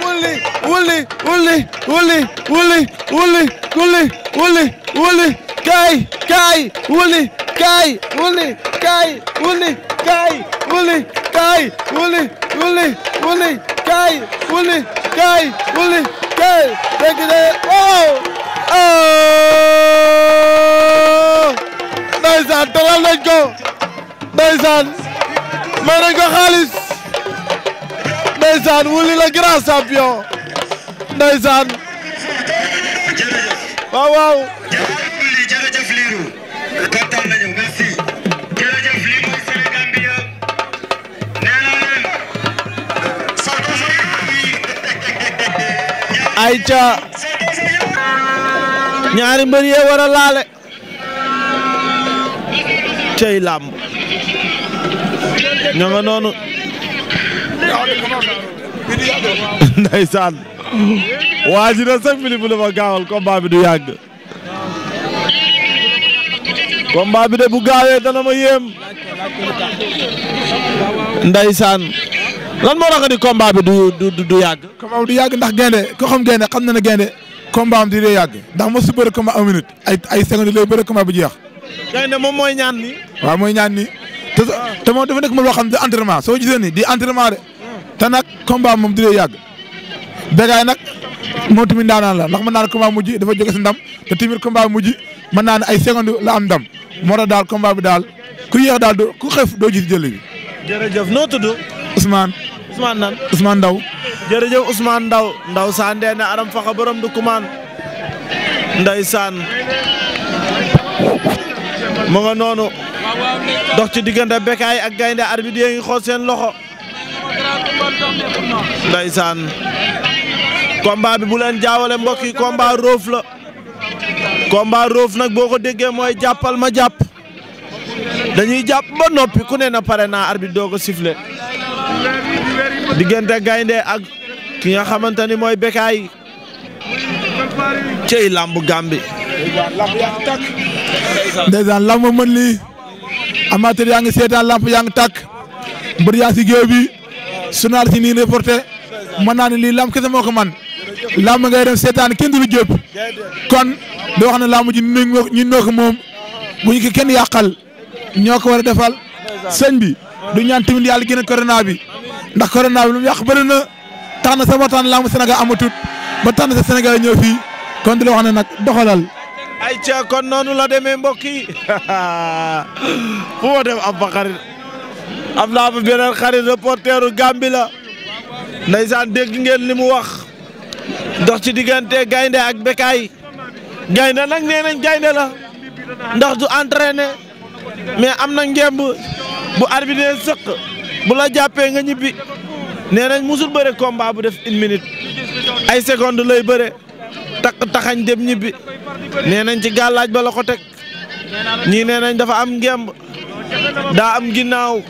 wuli wuli wuli wuli wuli wuli wuli wuli wuli kaay kaay wuli kaay wuli kaay wuli kaay wuli kaay wuli wuli wuli kaay wuli kaay wuli Gel Bekir'e waaw ndeysaan dalal nañ ko ndeysaan may nañ ko xaalis ndeysaan Wouly la grand champion ndeysaan waaw waaw ayca ñaari mbër yee war a laale cey làmb ña nga noonu ndeysaan waa ji na sax Philippe dafa gaawal combat bi du yàgg combat bi de bu gaawee dana ma yéem ndeysaan lan moo tax di combat bi du du du yàgg. ndax gaynde ko xam gaynde xam na ne gaynde combat am di dee yàgg ndax mosu bëri combat un minute ay ay seconde lay bëri combat moom mooy ñaan nii. waaw mooy ñaan nii te te moom dafa nekk moom loo xam ne entraînement soo gisee di entraînement de te nag combat moom di dee yàgg bégaay nag moo tamit ndaanaan la ndax mën naa ne combat mujj dafa jóge si ndam te tamit combat mujj mën naa ne ay seconde la am ndam moo tax daal combat bi daal ku yeex daal doo ku xef doo gis jëli bi. jërëjëf noo tudd. Ousmane. usmaan nan Ousmane Ndaw. jërëjëf Ousmane Ndaw Ndaw saan dee na aram faxa borom du kumaan ndeysaan mu nga noonu dox ci diggante bekaay ak gaynde arbitre yi ngi xool seen loxo ndeysaan combat bi bu leen jaawale mbokk yi combat roof la combat roof nag boo ko déggee mooy jàppal ma jàpp dañuy jàpp ba noppi ku ne na pare naa arbitre doo ko siffler diggante gaynde ak ki nga xamante ni mooy bekaay cey lamb gambi ndeysaan lamb mën lii amateur yaa ngi seetaan lamb yaa ngi tàkk mbër yaa si géew bi sunaar si nii reporté mën naa ne lii lamb kese moo ko man lamb ngay dem seetaan kenn du lu kon doo wax ne lamb ji ñu noo ko moom bu ki kenn yàqal ñoo ko war a defal sëñ bi du ñaan tamit yàlla génne corona bi ndax corona bi lu mu yàq bëri na tax na sama laamu Sénégal amatut ba tànn sa Sénégal ñëw fii kon di wax ne nag doxalal. ay ca kon noonu la deme mbokk yi [laughs] fu ma dem ab ba xarit am naa ba beneen xarit reporteru Gambie la ndeysaan dégg ngeen li mu wax dox ci diggante gaynde ak bekaay gaynde nag nee nañ gaynde la ndax du entraîné mais am na ngemb bu arbitre sëq bu la jàppee nga ñibbi nee nañ musul bëre combat bu def une minute ay seconde lay bëre takk taxañ dem ñibbi nee nañ ci gàllaaj ba la ko teg ñii nee nañ dafa am ngemb daa am ginnaaw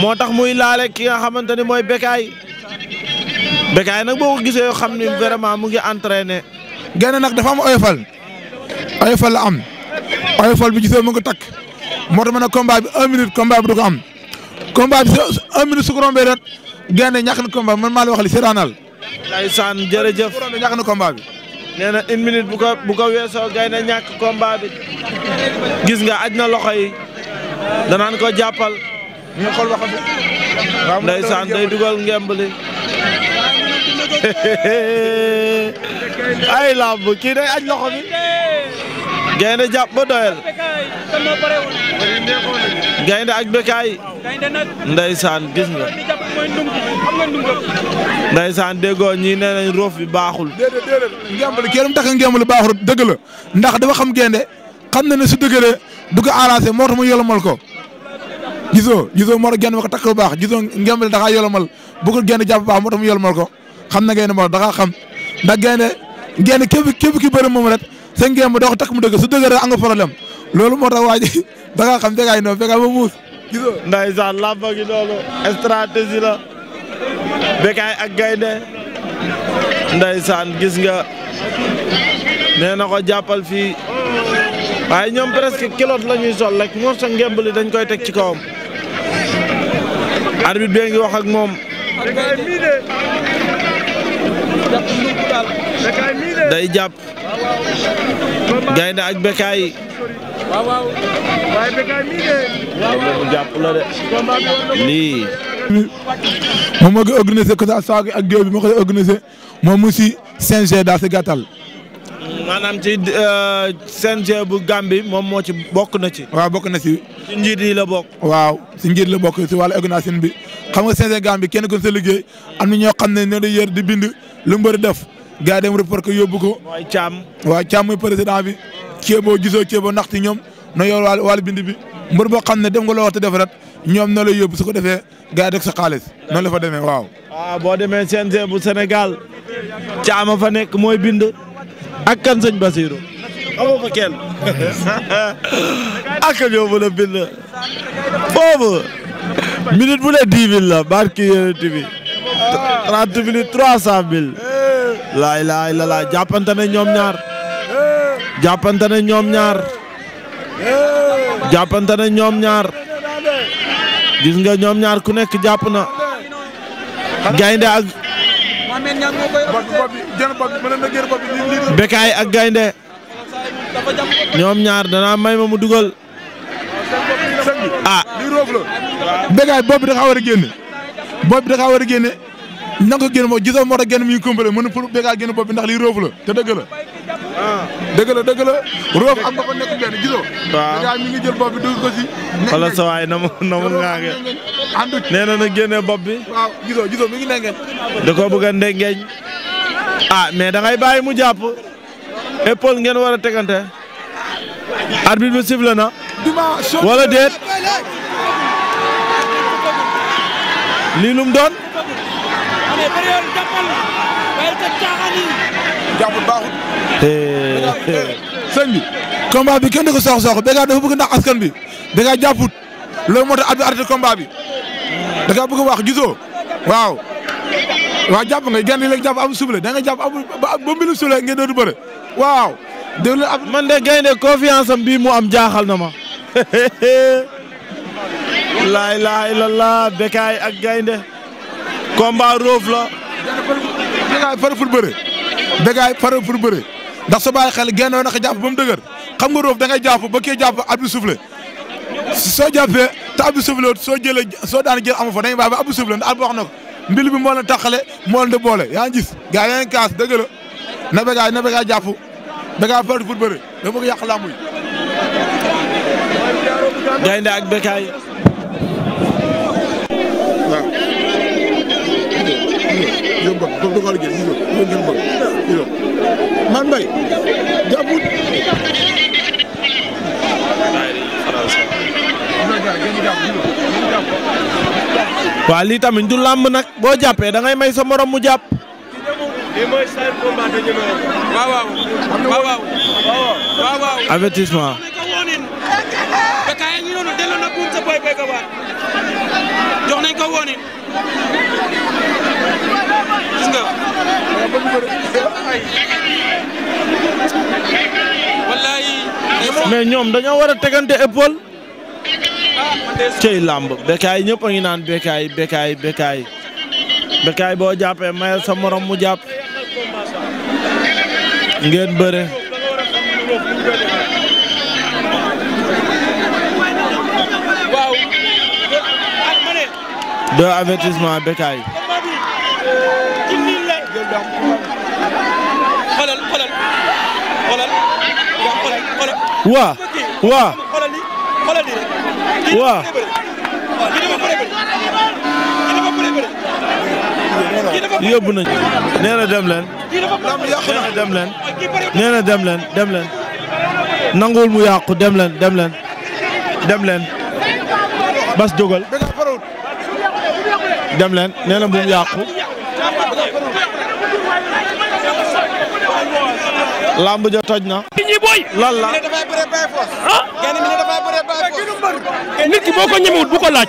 moo tax muy laale ki nga xamante ni mooy bekaay bekaay nag boo gisee yoo xam ni vraiment mu ngi entraîné. genn nag dafa am oyofal oyofal la am oyofal bi gisee mu ngi takk. moo tax ma ne combat bi minute combat bi du am combat bi minute su ko gaynde ñàkk na combat man maa la wax li seetaanal. ndeysaan jërëjëf rombee ñàkk na combat na une minute bu ko bu gaynde ñàkk combat gis nga aj na loxo danaan ko jàppal. ñu xool day dugal ngemb [laughs] ay làmb kii day aj loxo gaynde jàpp ba doyal gaynde ak bekaay ndeysaan gis nga ndeysaan déggoo ñii nee nañ roof bi baaxul déedéet déedéet ngembal kenn takk ngembal baaxul dëgg ndax dafa xam gaynde xam na ne su dëgëree du ko arrangé moo tax mu yolomal ko gisoo gisoo moo tax genn ma ko takk bu baax gisoo ngembal daxaa yolomal bu ko genn jàpp baax moo tax yolomal ko xam na gaynde moo daxaa xam ndax gaynde gaynde képp képp ki bëri moom rek sa ngeen mu dox takk mu dëgg su dëgg rek am nga problème loolu moo tax waa ji [laughs] da ngaa xam Bécaye noonu Bécaye ba muus. gisoo ndeysaan làmb gi loolu stratégie la Bécaye ak gaynde ndeysaan gis nga nee na ko jàppal fii waaye ñoom presque kilote la ñuy sol rek morso ngemb li dañ koy teg ci kawam. arbitre bee ngi wax moom. day jàpp gaynde ak bekaay jàpp de moom moo koy organisé ko sa saagi ak géew bi moo koy organisé moom mu si CNG daal si gàttal maanaam ci euh, bu Gambie moom moo ci bokk na ci waaw bokk na ci ci njiit yi la bokk waaw si njiit la bokk si wàllu organisation bi xam nga CNG Gambie kenn ko liggéey am ñoo xam ne ñoo di yër di bind lu def gars dem report ko yóbbu ko. mooy Thiam. waaw Thiam mooy président bi. Thiebo gisoo Thiebo ñoom na yor wàllu wàllu bind bi mbër boo xam ne def nga loo wax te def rat ñoom noo lay yóbbu su ko defee gars yi sa xaalis. noonu la fa demee waaw. Ah, boo demee CNG bu Sénégal Thiam fa nekk mooy bind ak kan sëñ Basirou. amoo fa kenn [laughs] ak ñoo mën a bind foofu minute bu ne dix mille la barki yéen tibi ah. trente minutes trois cent mille. laay laay la laa jàppante ñoom ñaar jàppante ne ñoom ñaar jàppante ne ñoom ñaar gis nga ñoom ñaar ku nekk jàpp na gaynde ak bekaay ak gaynde ñoom ñaar danaa may ma mu dugal ah bekaay bopp bi war a génne bopp bi war a génne na nga ko génn moom gisoo moo tax génn mi ngi kumpale mën pour bégaa génn bopp bi ndax lii roof la te dëgg ah. roof am nga fa nekk benn gisoo bégaa mi ngi jël bopp bi dugg ko si na mu na mu ngaange andu bi waaw gisoo gisoo mi ngi nengeeñ a ndengeeñ ah mais da ngay bàyyi mu jàpp épaule ngeen war a tegante bi sifflé na wala déet lii lu doon ne bëri yoon bi. combat kenn du ko soox soox Bécaye dafa bëgg ndax askan bi Bécaye jàpput loolu moo tax at bi arrêté combat bi da nga bëgg wax gisoo waaw. waaw jàpp nga gerte gi léegi jàpp amul suble da nga jàpp amul ba mbilu suble ngeen doon bëre waaw. dégg nga man de gaynde confiance am mu am jaaxal na ma. [laughs] laa ilaaha illallaah Bécaye ak gaynde combat roof la. dagaay pare pour bëre dagaay pare pour bëre ndax soo bàyyi xel genn woon na ko jàpp ba mu dëgër xam nga roof da ngay jàpp ba kii jàpp at bi soufflé soo jàppee te at bi soufflé wut soo jëlee soo daan jël amu fa dañuy baax ba at bi soufflé at bi wax na ko mbil bi moo leen taxale moo leen di boole yaa ngi gis gars yaa ngi kaas dëgg la na begaay na begaay jàpp begaay pare pour bëre dafa bëgg yàq làmb yi gaynde ak bekaay yow bëgg lii tamit du làmb nag boo jàppee da ngay may sa mu jàpp lii mooy nañ ko gis mais ñoom dañoo war a tegante épaule. Ah, cey làmb Bécaye ñëpp a ngi naan bekaay Bécaye Bécaye Bécaye boo jàppee mayal sa morom mu jàpp. ngeen bëre. doo avertissement Bécaye waa waa waa yóbbu nañu nee na dem leen nee na dem leen nee mu yàqu dem demleen dem leen bas jógal dem leen nee na mu yàqu lamb ja toj na. ñi booy. la ah. nit ki boo ko ñemewut bu ko laaj.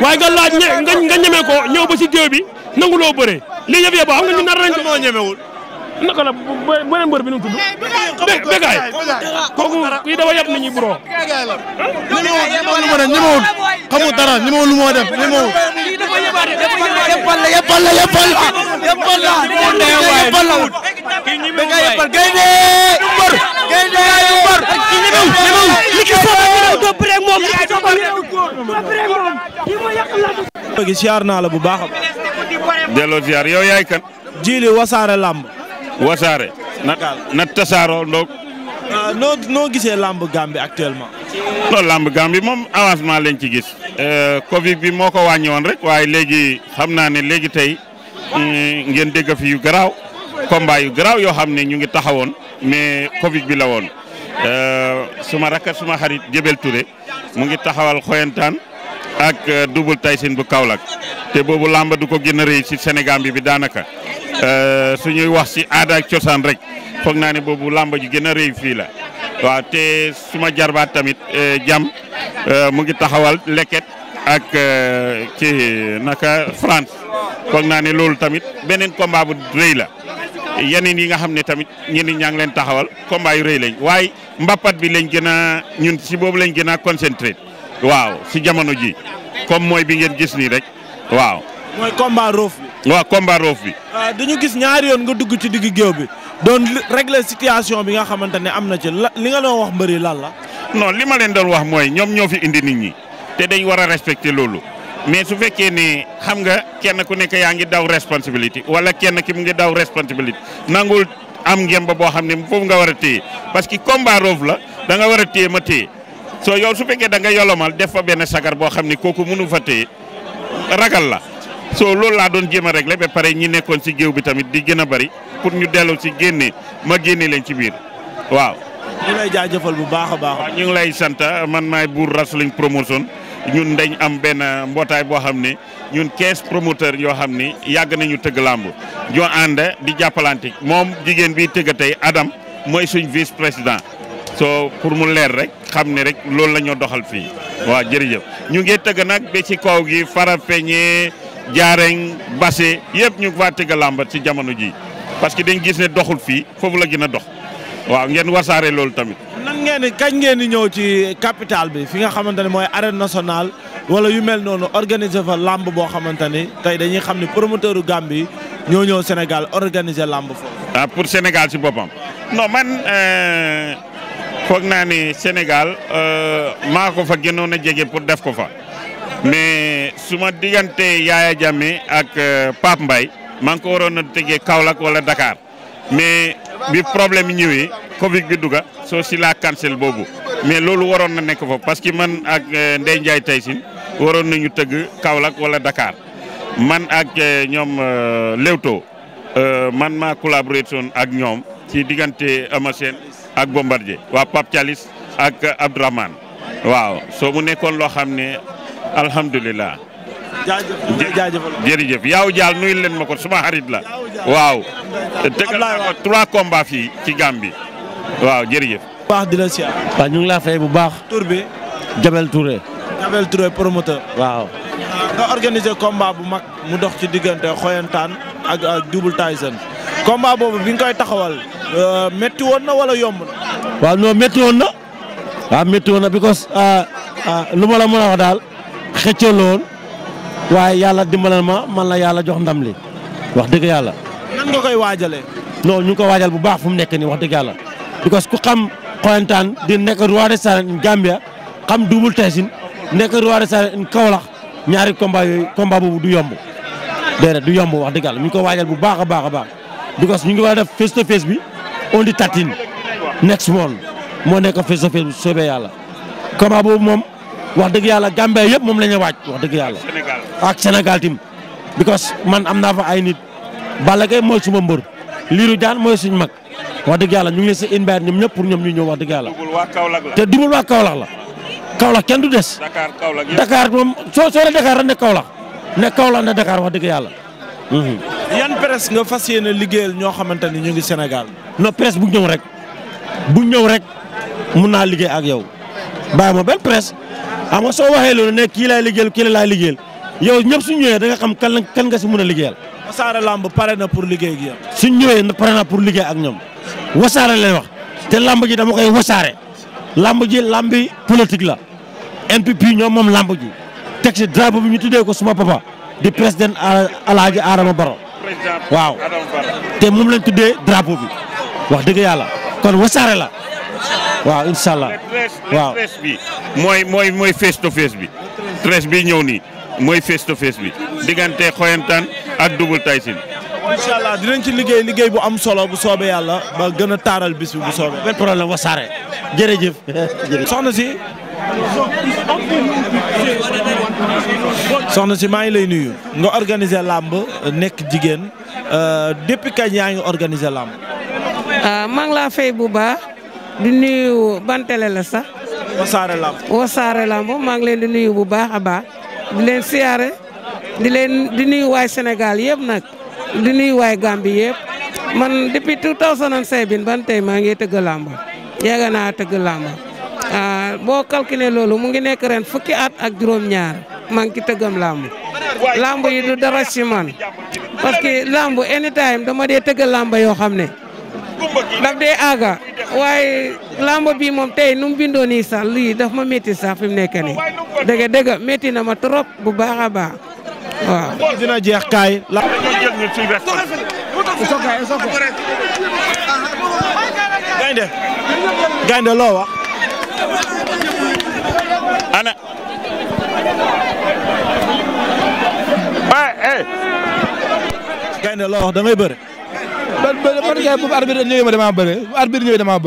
waaye nga laaj nga ñeme ko ñëw ba si géew bi nangu loo bëree li yëf yëf ba nga ñu nar nañ ko moo ñemewul. naka la beneen mbër bi nu mu tudd. Bégaay kooku kii dafa yab nit ñi buroo. ñemewul la yëppal la yëppal la yëppal la yëppal da ngay yëppal gaynde du mbër gaynde du mbër ki ñemew ñemew li ki sooba ñemew doo bëre moom li ki sooba ñemew doo bëre moom yi ma yàq la gi siyaar naa la bu baax a delloo siyaar yow yaay kan jili wasaare làmb wasaare na na tasaaroo ndoog ah, noo noo gisee làmb Gambie actuellement loolu làmb Gambie moom avancement lañ ci gis euh, Covid bi moo ko wàññi woon rek waaye léegi xam naa ne léegi tey hmm, ngeen dégg fi yu garaaw combat yu garaaw yoo xam ne ñu ngi taxawoon mais Covid bi la woon euh, suma rakkat suma xarit Jébel Touré mu ngi taxawal xoyantaan ak euh, double Tyson bu Kaolack te boobu làmba du ko gën a rëy ci Sénégal bi bi daanaka euh, su ñuy wax ci aada cosaan rek foog naa ne boobu làmba ju gën a rëy fii la waaw te suma jarbaat tamit jam mu ngi taxawal leket ak ci naka France foog naa ne loolu tamit beneen combat bu la. yeneen yi nga xam ne tamit ñeneen ñaa ngi leen taxawal combat yu rëy lañ waaye mbappat bi lañ gën ñun si boobu lañ gën a concentré waaw si jamono ji comme mooy bi ngeen gis nii rek waaw. mooy combat roof bi. waaw combat bi. Euh, dañu gis ñaari yoon nga dugg ci digg géew bi doon régler situation bi nga xamante ne am na ci li nga doon wax mbëri lan la. non li ma leen doon wax mooy ñoom ñoo fi indi nit ñi te dañ war a respecté loolu. mais su fekkee ne xam nga kenn ku nekk yaa ngi daw responsabilité wala kenn ki mu ngi daw responsabilité nangul am ngemba boo xam ne foofu nga war a téye parce que combat roof la danga war a téye ma téye soo yow su fekkee da nga yolomal def fa benn sagar boo xam ne kooku mënu fa téye ragal la soo loolu laa doon jéem a régler ba pare ñu nekkoon ci géew bi tamit di gën a bari pour ñu delloo si génne ma génne leen ci biir waaw. ñu lay jaajëfal bu baax a ñu ngi lay sant man maay buur Wrestling Promotion. ñun dañ am benn mbootaay boo xam ne ñun kees promoteur yoo xam ni yàgg nañu tëgg làmb ñoo ànd di jàppalante moom jigéen bi tëgg tey Adam mooy suñ vice président soo pour mu leer rek xam ne rek loolu la ñoo doxal fii waa jërëjëf ñu ngi tëgg nag ba ci kaw gi Farafeñe Jaareñ Basse yëpp ñu va tëgg làmb ci jamono ji parce que dañ gis ne doxul fii foofu la gën a dox waaw ngeen wasaare loolu tamit nan ngeen di kañ ngeen di ñëw ci capital bi fi nga xamante ne mooy arène nationale wala yu mel noonu organiser fa làmb boo xamante ni tey dañuy xam ne promoteur u Gambie ñoo ñëw Sénégal organiser làmb foofu. ah pour Sénégal si boppam. non man euh, foog naa ni Sénégal euh, maa ko fa gënoon a jege pour def ko fa mais su ma diggante Yaaya Jammeh ak euh, Pape mbay maa ngi ko waroon a tegee Kaolack wala dakaar mais bi problème ñëwee. Covid bi duga soo si laa cancel boobu mais loolu waroon na nekk fa parce que man ak eh, Ndeye Ndiaye Taysin waroon nañu tëgg Kaolack wala dakaar man ak eh, ñoom eh, Leewtoo man ma collaboration ak ñoom ci diggante Ama Sène ak Bombardier waa Pape Thialis ak Abdourahmane waaw soo mu nekkoon loo xam ne alhamdulilah. jaajëf jaajëf jërëjëf yaaw jaal nuyu leen ma ko suma xarit la. waaw trois combats fii ci Gambie. waaw jërëjëf. bu baax di la ñu ngi laa fay bu baax. tur bi. Jabel Touré. Jabel Touré promoteur. waaw. nga organiser combat bu mag mu dox ci diggante Xoyantaan ak Double Tyson. combat boobu bi nga koy taxawal. Euh, métti woon na wala yomb na. waaw non métti woon na. waaw métti woon na because euh, euh, lu ma la mën a wax daal xëccoo la waaye yàlla dimbalal ma man la yàlla jox ndam li wax dëgg yàlla. nan nga koy waajalee. non ñu ngi ko waajal bu baax fu mu nekk nii wax dëgg yàlla. because ku xam Xoyantaan di nekk roi des arènes in Gambia xam Double Tyson nekk roi des arènes in Kaolack ñaari combat du yomb déedéet du yomb wax dëgg yàlla ñu ngi ko waajal bu baax a baax a baax because ñu ngi war a def face to face bi on di next month moo nekk face to face soobee yàlla combat moom wax dëgg yàlla Gambia yëpp moom la ñu waaj wax dëgg yàlla ak Sénégal tim because man am naa fa ay nit Balla Gaye mooy suma mbër Lirou mooy suñ mag wax dëgg yàlla ñu ngi leen si invite ñoom ñëpp pour ñoom ñu ñëw wax dëgg yàlla. te dugul waa Kaolack la. Kaolack kenn du des. Dakar Kaolack yëpp moom soo sooree Dakar rek ne Kaolack ne Kaolack ne dakaar wax dëgg yàlla. Mhm. yan presse nga fas yéene liggéeyal ñoo xamante ni ñu ngi senegal noo presse bu ñëw rek bu ñëw rek mun naa liggéey ak yow bàyyi ma benn presse xam nga soo waxee loolu ne kii laay liggéeyal kii laay liggéeyal yow ñëpp su ñëwee da nga xam kan kan nga si mun a liggéeyal. Wassare Lamb pare na pour liggéey ak yow. su ñëwee pare na pour liggéey ak ñoom wasaare lay wax te lamb ji dama koy wasaare lamb ji lambi politique la NPP ñoom moom lamb ji teg ci bi ñu tuddee ko suma papa di président Alaaji Adama Baro waaw te moom lañ tuddee drapeau bi wax dëgg yàlla kon wasaare la waaw incha waaw mooy mooy mooy face to face bi treize bi ñëw nii mooy face to face bi diggante xoyantaan ak double Tyson incha allah dinañ ci liggéey liggéey bu am solo bu soobee yàlla ba gën a taaral bis bi bu soobee. benn problème wasaare jërëjëf. [laughs] soxna si. soxna si maa ngi lay nuyu. nga organise làmb nekk jigéen euh, depuis kañ yaa ngi organiser làmb. Euh, maa ngi laa fay bu baax di nuyu ban télé la sax. wasaare làmb. wasaare làmb maa ngi leen di nuyu bu baax a baax di leen siyaare di leen di nuyu waay Sénégal yëpp nag. di nuyu waay Gàmbi yëpp man depuis 2005 bi ban tey maa ngi tëgg làmb yàgg naa tëgg làmb ah, boo calculé loolu mu ngi nekk ren fukki at ak juróom-ñaar maa ngi tëggam làmb làmb yi du dara ci man parce que làmb anytime dama dee tëgg làmba yoo xam ne daf dee aaga waaye làmb bi moom tey nu mu bindoo nii sax daf ma métti sax fi nekk nii dëgg dëgg métti na ma trop bu baax waaw dina jeex kaay. gaynde gaynde loo wax. ana. gaynde loo wax bër ngay bëre. man man man kay bu arbitre ñëwee ma damaa bëre bu arbitre ñëwee damaa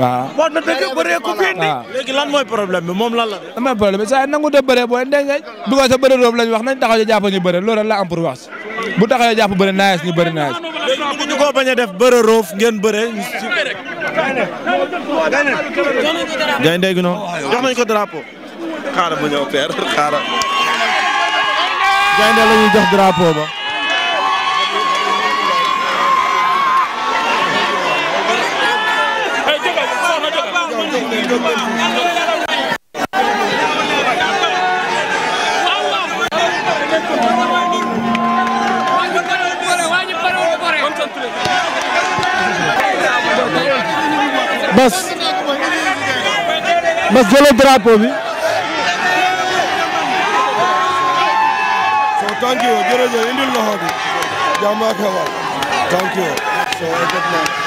waaw wax na dëgg bëree ku lan mooy problème bi moom lan la lan mooy problème bi saa nangu de bëree booy dégg nga du ko sa bëri roobu lañ wax nañ taxaw ci jàpp ñu bëri loolu la am pour wax bu taxaw jàpp bëri naes ñu bëri naes léegi ñu ko bañ a def bëri roof ngeen bëre gaynde gi noonu jox nañ ko drapeau xaaral ñëw père xaaral gaynde la ba bas bas jëlal drapeau bi. so thank you jërëjëf indil loxo bi jàmm ak xewal thank you so